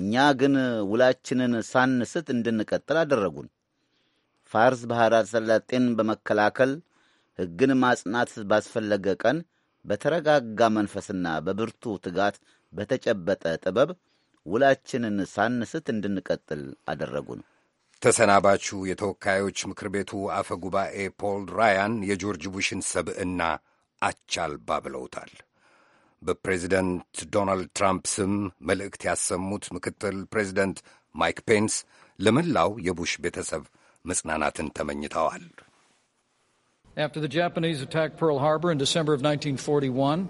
እኛ ግን ውላችንን ሳንስት እንድንቀጥል አደረጉን። ፋርስ ባሕረ ሰላጤን በመከላከል ሕግን ማጽናት ባስፈለገ ቀን በተረጋጋ መንፈስና በብርቱ ትጋት በተጨበጠ ጥበብ ውላችንን ሳንስት እንድንቀጥል አደረጉን። ተሰናባቹ የተወካዮች ምክር ቤቱ አፈ ጉባኤ ፖል ራያን የጆርጅ ቡሽን ሰብዕና አቻልባ ብለውታል። በፕሬዚደንት ዶናልድ ትራምፕ ስም መልእክት ያሰሙት ምክትል ፕሬዚደንት ማይክ ፔንስ ለመላው የቡሽ ቤተሰብ መጽናናትን ተመኝተዋል። After the Japanese attacked Pearl Harbor in December of 1941,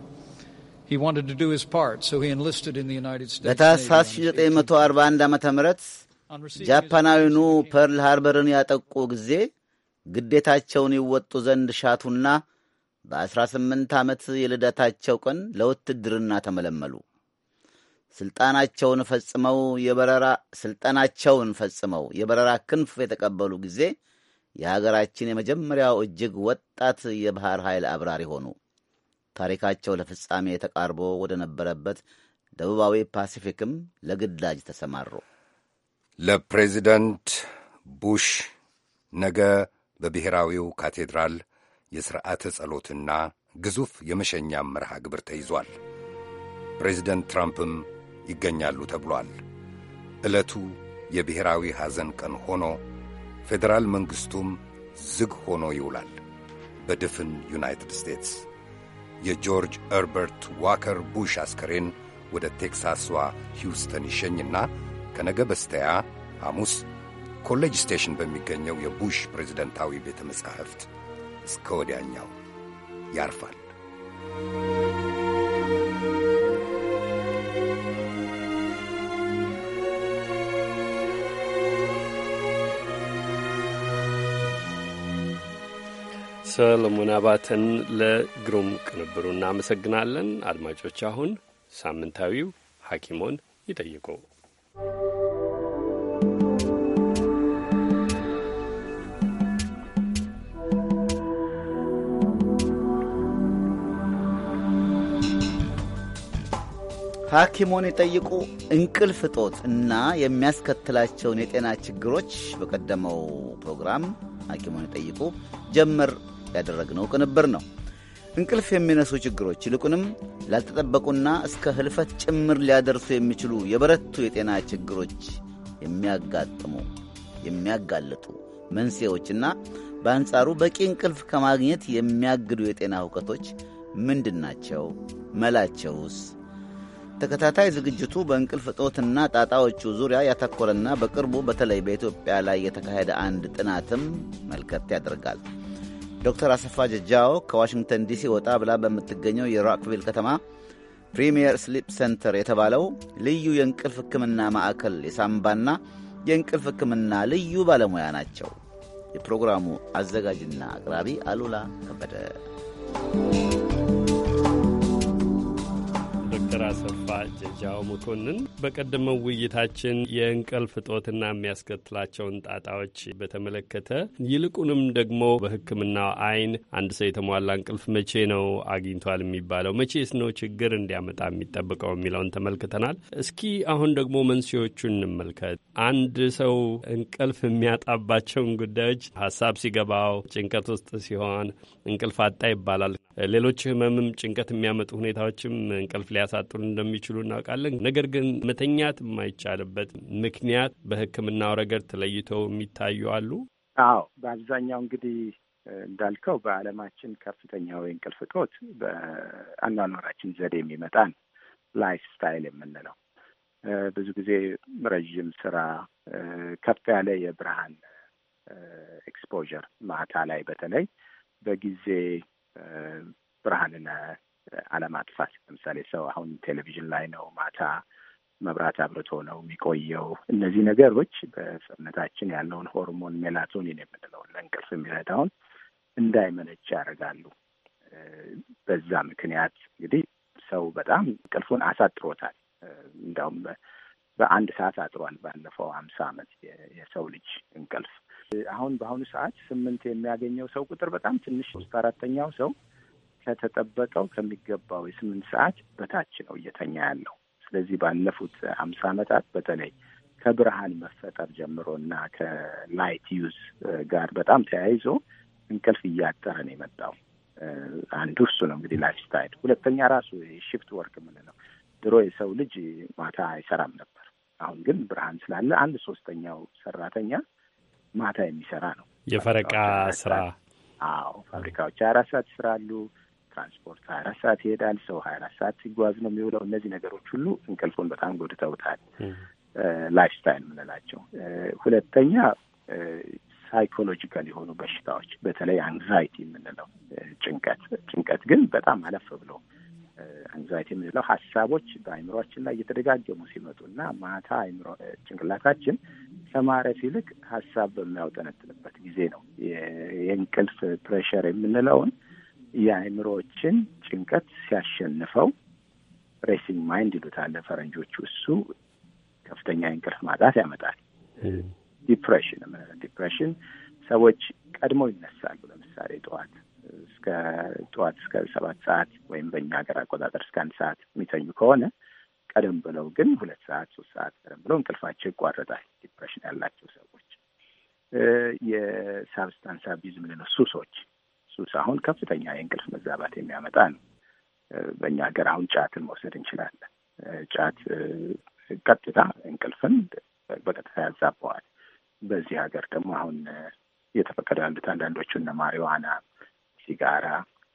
he wanted to do his part, so he enlisted in the United States. በታህሳስ 1941 ዓ ም ጃፓናዊኑ ፐርል ሃርበርን ያጠቁ ጊዜ ግዴታቸውን ይወጡ ዘንድ ሻቱና በ18 ዓመት የልደታቸው ቀን ለውትድርና ተመለመሉ። ስልጣናቸውን ፈጽመው የበረራ ስልጠናቸውን ፈጽመው የበረራ ክንፍ የተቀበሉ ጊዜ የሀገራችን የመጀመሪያው እጅግ ወጣት የባህር ኃይል አብራሪ ሆኑ። ታሪካቸው ለፍጻሜ ተቃርቦ ወደ ነበረበት ደቡባዊ ፓሲፊክም ለግዳጅ ተሰማሩ። ለፕሬዚደንት ቡሽ ነገ በብሔራዊው ካቴድራል የሥርዓተ ጸሎትና ግዙፍ የመሸኛ መርሃ ግብር ተይዟል። ፕሬዚደንት ትራምፕም ይገኛሉ ተብሏል። ዕለቱ የብሔራዊ ሐዘን ቀን ሆኖ ፌዴራል መንግሥቱም ዝግ ሆኖ ይውላል። በድፍን ዩናይትድ ስቴትስ የጆርጅ እርበርት ዋከር ቡሽ አስከሬን ወደ ቴክሳስዋ ሂውስተን ይሸኝና ከነገ በስተያ ሐሙስ ኮሌጅ ስቴሽን በሚገኘው የቡሽ ፕሬዝደንታዊ ቤተ መጻሕፍት እስከ ወዲያኛው ያርፋል። ሰለሞን አባተን ለግሩም ቅንብሩ እናመሰግናለን። አድማጮች፣ አሁን ሳምንታዊው ሐኪሞን ይጠይቁ ሐኪሞን ይጠይቁ እንቅልፍ እጦት እና የሚያስከትላቸውን የጤና ችግሮች በቀደመው ፕሮግራም ሐኪሞን ይጠይቁ ጀመር ያደረግነው ቅንብር ነው። እንቅልፍ የሚነሱ ችግሮች ይልቁንም ላልተጠበቁና እስከ ህልፈት ጭምር ሊያደርሱ የሚችሉ የበረቱ የጤና ችግሮች የሚያጋጥሙ የሚያጋልጡ መንስኤዎችና በአንጻሩ በቂ እንቅልፍ ከማግኘት የሚያግዱ የጤና ምንድን ምንድናቸው? መላቸውስ? ተከታታይ ዝግጅቱ በእንቅልፍ እጦትና ጣጣዎቹ ዙሪያ ያተኮረና በቅርቡ በተለይ በኢትዮጵያ ላይ የተካሄደ አንድ ጥናትም መልከት ያደርጋል። ዶክተር አሰፋ ጀጃው ከዋሽንግተን ዲሲ ወጣ ብላ በምትገኘው የሮክቪል ከተማ ፕሪሚየር ስሊፕ ሴንተር የተባለው ልዩ የእንቅልፍ ሕክምና ማዕከል የሳምባና የእንቅልፍ ሕክምና ልዩ ባለሙያ ናቸው። የፕሮግራሙ አዘጋጅና አቅራቢ አሉላ ከበደ ዶክተር አሰፋ ጀጃው መኮንን በቀደመው ውይይታችን የእንቅልፍ እጦትና የሚያስከትላቸውን ጣጣዎች በተመለከተ ይልቁንም ደግሞ በሕክምናው አይን አንድ ሰው የተሟላ እንቅልፍ መቼ ነው አግኝቷል የሚባለው መቼስ ነው ችግር እንዲያመጣ የሚጠብቀው የሚለውን ተመልክተናል። እስኪ አሁን ደግሞ መንስኤዎቹን እንመልከት። አንድ ሰው እንቅልፍ የሚያጣባቸውን ጉዳዮች ሀሳብ ሲገባው፣ ጭንቀት ውስጥ ሲሆን እንቅልፍ አጣ ይባላል። ሌሎች ህመምም ጭንቀት የሚያመጡ ሁኔታዎችም እንቅልፍ ሊያሳጡን እንደሚችሉ እናውቃለን። ነገር ግን መተኛት የማይቻልበት ምክንያት በህክምና ረገድ ተለይተው የሚታዩ አሉ። አዎ፣ በአብዛኛው እንግዲህ እንዳልከው በዓለማችን ከፍተኛው የእንቅልፍ እጦት በአኗኗራችን ዘዴ የሚመጣን ላይፍ ስታይል የምንለው ብዙ ጊዜ ረዥም ስራ፣ ከፍ ያለ የብርሃን ኤክስፖዠር ማታ ላይ በተለይ በጊዜ ብርሃንን አለማጥፋት። ለምሳሌ ሰው አሁን ቴሌቪዥን ላይ ነው ማታ መብራት አብርቶ ነው የሚቆየው። እነዚህ ነገሮች በሰውነታችን ያለውን ሆርሞን ሜላቶኒን የምንለውን ለእንቅልፍ የሚረዳውን እንዳይመነጭ ያደርጋሉ። በዛ ምክንያት እንግዲህ ሰው በጣም እንቅልፉን አሳጥሮታል። እንዲያውም በአንድ ሰዓት አጥሯል ባለፈው አምሳ ዓመት የሰው ልጅ እንቅልፍ አሁን በአሁኑ ሰዓት ስምንት የሚያገኘው ሰው ቁጥር በጣም ትንሽ ሶስት አራተኛው ሰው ከተጠበቀው ከሚገባው የስምንት ሰዓት በታች ነው እየተኛ ያለው። ስለዚህ ባለፉት አምሳ ዓመታት በተለይ ከብርሃን መፈጠር ጀምሮ እና ከላይት ዩዝ ጋር በጣም ተያይዞ እንቅልፍ እያጠረ ነው የመጣው። አንዱ እሱ ነው እንግዲህ ላይፍ ስታይል። ሁለተኛ ራሱ የሽፍት ወርክ ነው ድሮ የሰው ልጅ ማታ አይሰራም ነበር። አሁን ግን ብርሃን ስላለ አንድ ሶስተኛው ሰራተኛ ማታ የሚሰራ ነው። የፈረቃ ስራ አዎ፣ ፋብሪካዎች ሀያ አራት ሰዓት ይስራሉ። ትራንስፖርት ሀያ አራት ሰዓት ይሄዳል። ሰው ሀያ አራት ሰዓት ሲጓዝ ነው የሚውለው። እነዚህ ነገሮች ሁሉ እንቅልፉን በጣም ጎድተውታል። ላይፍ ስታይል የምንላቸው ሁለተኛ ሳይኮሎጂካል የሆኑ በሽታዎች በተለይ አንግዛይቲ የምንለው ጭንቀት ጭንቀት ግን በጣም አለፍ ብሎ አንዛይቲ የምንለው ሀሳቦች በአይምሮችን ላይ እየተደጋገሙ ሲመጡ እና ማታ አይምሮ ጭንቅላታችን ከማረፍ ይልቅ ሀሳብ በሚያውጠነጥንበት ጊዜ ነው የእንቅልፍ ፕሬሸር የምንለውን የአይምሮችን ጭንቀት ሲያሸንፈው ሬሲንግ ማይንድ ይሉታል ፈረንጆቹ። እሱ ከፍተኛ የእንቅልፍ ማጣት ያመጣል። ዲፕሬሽን ዲፕሬሽን ሰዎች ቀድመው ይነሳሉ። ለምሳሌ ጠዋት እስከ ጠዋት እስከ ሰባት ሰዓት ወይም በእኛ ሀገር አቆጣጠር እስከ አንድ ሰዓት የሚተኙ ከሆነ ቀደም ብለው ግን ሁለት ሰዓት ሶስት ሰዓት ቀደም ብለው እንቅልፋቸው ይቋረጣል። ዲፕሬሽን ያላቸው ሰዎች የሳብስታንስ አቢዝ የምንለው ሱሶች፣ ሱስ አሁን ከፍተኛ የእንቅልፍ መዛባት የሚያመጣ ነው። በእኛ ሀገር አሁን ጫትን መውሰድ እንችላለን። ጫት ቀጥታ እንቅልፍን በቀጥታ ያዛበዋል። በዚህ ሀገር ደግሞ አሁን የተፈቀደ ያሉት አንዳንዶቹ እነ ማሪዋና ሲጋራ፣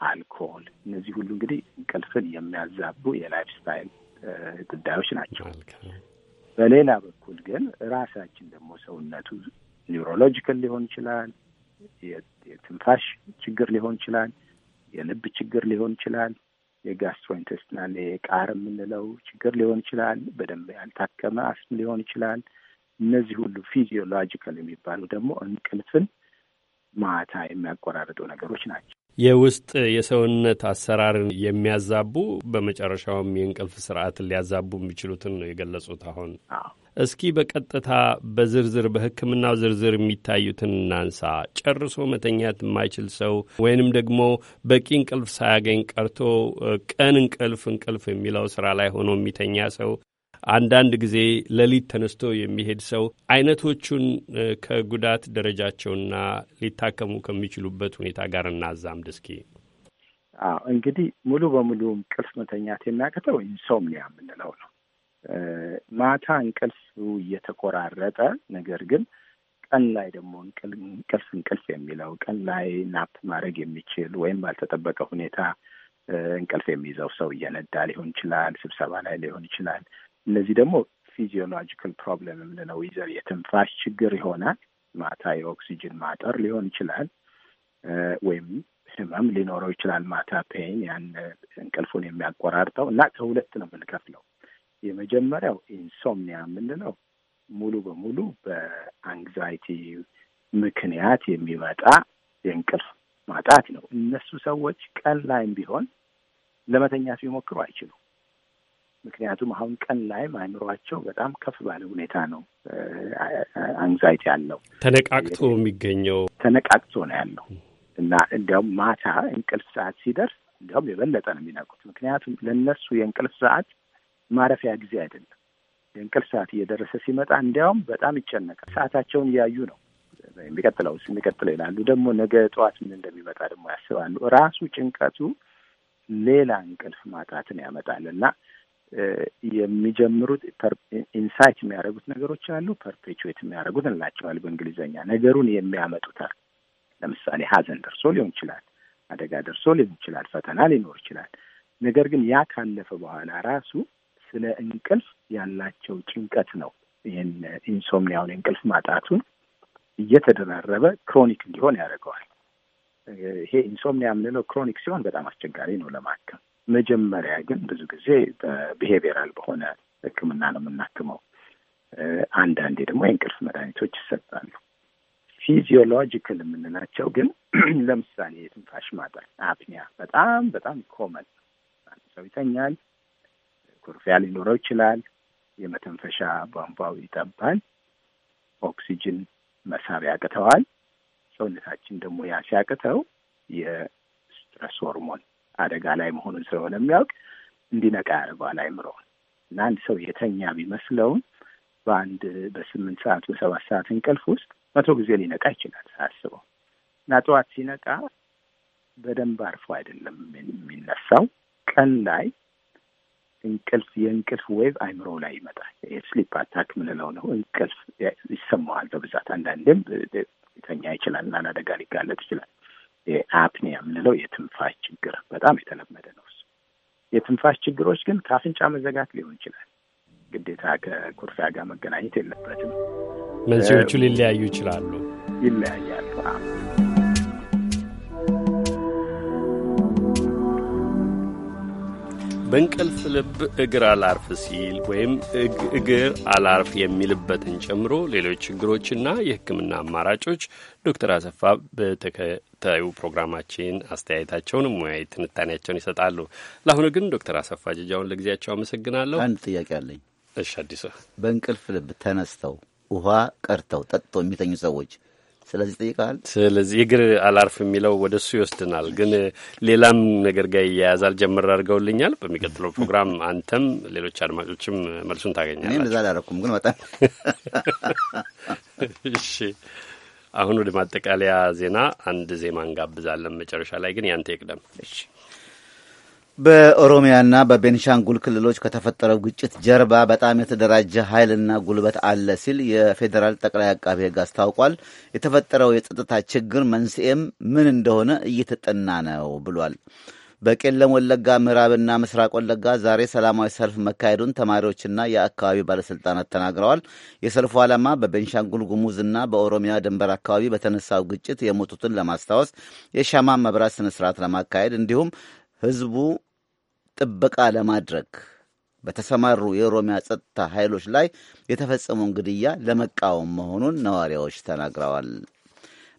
አልኮል እነዚህ ሁሉ እንግዲህ እንቅልፍን የሚያዛቡ የላይፍ ስታይል ጉዳዮች ናቸው። በሌላ በኩል ግን ራሳችን ደግሞ ሰውነቱ ኒውሮሎጂካል ሊሆን ይችላል፣ የትንፋሽ ችግር ሊሆን ይችላል፣ የልብ ችግር ሊሆን ይችላል፣ የጋስትሮኢንቴስትናል የቃር የምንለው ችግር ሊሆን ይችላል፣ በደንብ ያልታከመ አስም ሊሆን ይችላል። እነዚህ ሁሉ ፊዚዮሎጂካል የሚባሉ ደግሞ እንቅልፍን ማታ የሚያቆራርጡ ነገሮች ናቸው። የውስጥ የሰውነት አሰራርን የሚያዛቡ በመጨረሻውም የእንቅልፍ ስርዓትን ሊያዛቡ የሚችሉትን ነው የገለጹት። አሁን እስኪ በቀጥታ በዝርዝር በሕክምናው ዝርዝር የሚታዩትን እናንሳ። ጨርሶ መተኛት የማይችል ሰው ወይንም ደግሞ በቂ እንቅልፍ ሳያገኝ ቀርቶ ቀን እንቅልፍ እንቅልፍ የሚለው ስራ ላይ ሆኖ የሚተኛ ሰው አንዳንድ ጊዜ ሌሊት ተነስቶ የሚሄድ ሰው አይነቶቹን ከጉዳት ደረጃቸውና ሊታከሙ ከሚችሉበት ሁኔታ ጋር እናዛምድ እስኪ። አዎ እንግዲህ ሙሉ በሙሉ እንቅልፍ መተኛት የሚያቅተው ኢንሶምኒያ የምንለው ነው። ማታ እንቅልፍ እየተቆራረጠ ነገር ግን ቀን ላይ ደግሞ እንቅልፍ እንቅልፍ የሚለው ቀን ላይ ናፕ ማድረግ የሚችል ወይም ባልተጠበቀ ሁኔታ እንቅልፍ የሚይዘው ሰው እየነዳ ሊሆን ይችላል፣ ስብሰባ ላይ ሊሆን ይችላል፣ እነዚህ ደግሞ ፊዚዮሎጂካል ፕሮብለም የምንለው ይዘር የትንፋሽ ችግር ይሆናል። ማታ የኦክሲጅን ማጠር ሊሆን ይችላል ወይም ህመም ሊኖረው ይችላል። ማታ ፔን ያን እንቅልፉን የሚያቆራርጠው እና ከሁለት ነው የምንከፍለው። የመጀመሪያው ኢንሶምኒያ የምንለው ሙሉ በሙሉ በአንግዛይቲ ምክንያት የሚመጣ የእንቅልፍ ማጣት ነው። እነሱ ሰዎች ቀን ላይም ቢሆን ለመተኛ ሲሞክሩ አይችሉም። ምክንያቱም አሁን ቀን ላይም አእምሯቸው በጣም ከፍ ባለ ሁኔታ ነው አንግዛይቲ ያለው ተነቃቅቶ የሚገኘው ተነቃቅቶ ነው ያለው እና እንዲያውም ማታ እንቅልፍ ሰዓት ሲደርስ እንዲያውም የበለጠ ነው የሚነቁት። ምክንያቱም ለእነሱ የእንቅልፍ ሰዓት ማረፊያ ጊዜ አይደለም። የእንቅልፍ ሰዓት እየደረሰ ሲመጣ እንዲያውም በጣም ይጨነቃል። ሰዓታቸውን እያዩ ነው የሚቀጥለው የሚቀጥለው ይላሉ። ደግሞ ነገ ጠዋት ምን እንደሚመጣ ደግሞ ያስባሉ። ራሱ ጭንቀቱ ሌላ እንቅልፍ ማጣትን ያመጣል እና የሚጀምሩት ኢንሳይት የሚያደርጉት ነገሮች አሉ። ፐርፔቹዌት የሚያደርጉት እንላቸዋል በእንግሊዝኛ ነገሩን የሚያመጡታል። ለምሳሌ ሀዘን ደርሶ ሊሆን ይችላል፣ አደጋ ደርሶ ሊሆን ይችላል፣ ፈተና ሊኖር ይችላል። ነገር ግን ያ ካለፈ በኋላ ራሱ ስለ እንቅልፍ ያላቸው ጭንቀት ነው ይህን ኢንሶምኒያውን እንቅልፍ ማጣቱን እየተደራረበ ክሮኒክ እንዲሆን ያደርገዋል። ይሄ ኢንሶምኒያ የምንለው ክሮኒክ ሲሆን በጣም አስቸጋሪ ነው ለማከም መጀመሪያ ግን ብዙ ጊዜ በቢሄቪየራል በሆነ ህክምና ነው የምናክመው። አንዳንዴ ደግሞ የእንቅልፍ መድኃኒቶች ይሰጣሉ። ፊዚዮሎጂካል የምንላቸው ግን ለምሳሌ የትንፋሽ ማጠር አፕኒያ በጣም በጣም ኮመን አንድ ሰው ይተኛል፣ ኩርፊያ ሊኖረው ይችላል፣ የመተንፈሻ ቧንቧው ይጠባል፣ ኦክሲጅን መሳብ ያቅተዋል። ሰውነታችን ደግሞ ያ ሲያቅተው የስትረስ ሆርሞን አደጋ ላይ መሆኑን ስለሆነ የሚያውቅ እንዲነቃ ያደርገዋል አይምሮውን እና አንድ ሰው የተኛ ቢመስለውም በአንድ በስምንት ሰዓት በሰባት ሰዓት እንቅልፍ ውስጥ መቶ ጊዜ ሊነቃ ይችላል ሳያስበው እና ጠዋት ሲነቃ በደንብ አርፎ አይደለም የሚነሳው። ቀን ላይ እንቅልፍ የእንቅልፍ ዌቭ አይምሮ ላይ ይመጣል። የስሊፕ አታክ ምንለው ነው። እንቅልፍ ይሰማዋል በብዛት አንዳንዴም ተኛ ይችላል እና አደጋ ሊጋለጥ ይችላል። የአፕኒያ የምንለው የትንፋሽ ችግር በጣም የተለመደ ነው። እሱ የትንፋሽ ችግሮች ግን ከአፍንጫ መዘጋት ሊሆን ይችላል። ግዴታ ከኩርፊያ ጋር መገናኘት የለበትም። መንስኤዎቹ ሊለያዩ ይችላሉ፣ ይለያያሉ። በእንቅልፍ ልብ እግር አላርፍ ሲል ወይም እግር አላርፍ የሚልበትን ጨምሮ ሌሎች ችግሮችና የሕክምና አማራጮች ዶክተር አሰፋ ተከታዩ ፕሮግራማችን አስተያየታቸውን ሙያዊ ትንታኔያቸውን ይሰጣሉ። ለአሁኑ ግን ዶክተር አሰፋ ጀጃውን ለጊዜያቸው አመሰግናለሁ። አንድ ጥያቄ አለኝ። እሺ፣ አዲሱ በእንቅልፍ ልብ ተነስተው ውሃ ቀርተው ጠጥቶ የሚተኙ ሰዎች ስለዚህ ጠይቀሃል። ስለዚህ እግር አላርፍ የሚለው ወደ እሱ ይወስድናል፣ ግን ሌላም ነገር ጋር እያያዛል። ጀምር አድርገውልኛል። በሚቀጥለው ፕሮግራም አንተም ሌሎች አድማጮችም መልሱን ታገኛለህ። እኔ እንደዛ አላረኩም፣ ግን በጣም እሺ አሁን ወደ ማጠቃለያ ዜና አንድ ዜማ እንጋብዛለን። መጨረሻ ላይ ግን ያንተ ይቅደም። በኦሮሚያና በቤንሻንጉል ክልሎች ከተፈጠረው ግጭት ጀርባ በጣም የተደራጀ ኃይልና ጉልበት አለ ሲል የፌዴራል ጠቅላይ አቃቤ ሕግ አስታውቋል። የተፈጠረው የጸጥታ ችግር መንስኤም ምን እንደሆነ እየተጠና ነው ብሏል። በቄለም ወለጋ ምዕራብና ምስራቅ ወለጋ ዛሬ ሰላማዊ ሰልፍ መካሄዱን ተማሪዎችና የአካባቢው ባለሥልጣናት ተናግረዋል። የሰልፉ ዓላማ በቤንሻንጉል ጉሙዝና በኦሮሚያ ድንበር አካባቢ በተነሳው ግጭት የሞቱትን ለማስታወስ የሻማ መብራት ሥነ ሥርዓት ለማካሄድ እንዲሁም ሕዝቡ ጥበቃ ለማድረግ በተሰማሩ የኦሮሚያ ጸጥታ ኃይሎች ላይ የተፈጸመውን ግድያ ለመቃወም መሆኑን ነዋሪዎች ተናግረዋል።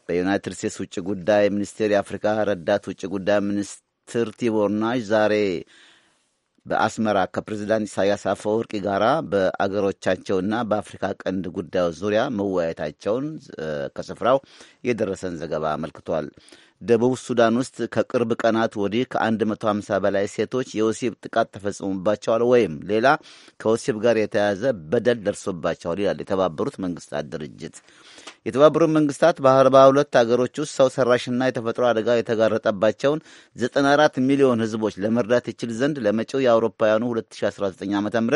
በዩናይትድ ስቴትስ ውጭ ጉዳይ ሚኒስቴር የአፍሪካ ረዳት ውጭ ጉዳይ ሚኒስትር ትርቲቦርናሽ ዛሬ በአስመራ ከፕሬዚዳንት ኢሳያስ አፈወርቂ ጋራ በአገሮቻቸውና በአፍሪካ ቀንድ ጉዳዮች ዙሪያ መወያየታቸውን ከስፍራው የደረሰን ዘገባ አመልክቷል። ደቡብ ሱዳን ውስጥ ከቅርብ ቀናት ወዲህ ከ150 በላይ ሴቶች የወሲብ ጥቃት ተፈጽሞባቸዋል ወይም ሌላ ከወሲብ ጋር የተያያዘ በደል ደርሶባቸዋል ይላል የተባበሩት መንግስታት ድርጅት። የተባበሩት መንግስታት በአርባ ሁለት ሀገሮች ውስጥ ሰው ሰራሽና የተፈጥሮ አደጋ የተጋረጠባቸውን 94 ሚሊዮን ህዝቦች ለመርዳት ይችል ዘንድ ለመጪው የአውሮፓውያኑ 2019 ዓ ም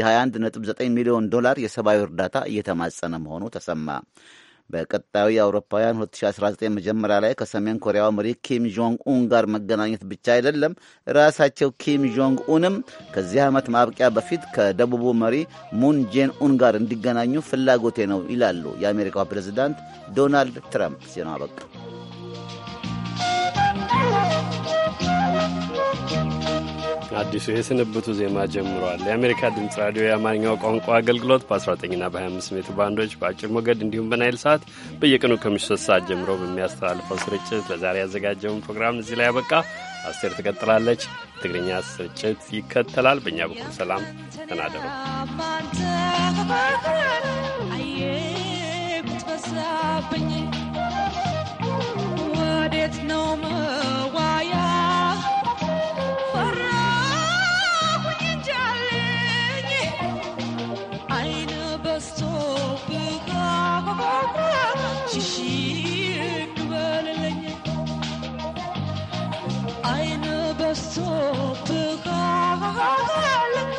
የ21.9 ሚሊዮን ዶላር የሰብአዊ እርዳታ እየተማጸነ መሆኑ ተሰማ። በቀጣዩ የአውሮፓውያን 2019 መጀመሪያ ላይ ከሰሜን ኮሪያው መሪ ኪም ጆንግ ኡን ጋር መገናኘት ብቻ አይደለም፣ ራሳቸው ኪም ጆንግ ኡንም ከዚህ ዓመት ማብቂያ በፊት ከደቡቡ መሪ ሙን ጄን ኡን ጋር እንዲገናኙ ፍላጎቴ ነው ይላሉ የአሜሪካው ፕሬዚዳንት ዶናልድ ትራምፕ። ዜና አበቃ። አዲሱ የስንብቱ ዜማ ጀምሯል። የአሜሪካ ድምፅ ራዲዮ የአማርኛው ቋንቋ አገልግሎት በ19ና በ25 ሜትር ባንዶች በአጭር ሞገድ እንዲሁም በናይል ሰዓት በየቀኑ ከምሽቱ ሶስት ሰዓት ጀምሮ በሚያስተላልፈው ስርጭት ለዛሬ ያዘጋጀውን ፕሮግራም እዚህ ላይ ያበቃ። አስቴር ትቀጥላለች። ትግርኛ ስርጭት ይከተላል። በእኛ በኩል ሰላም ተናደሩ። ወዴት ነው መዋያ I know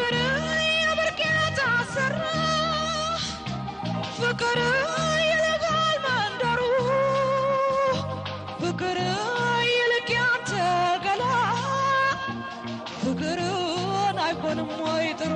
ፍቅር የብርቅያ ታሰራ ፍቅር ይልጋል መንደሩ ፍቅር ይልቅ ያንተ ገላ ፍቅርን አይሆንም ወይ ጥሩ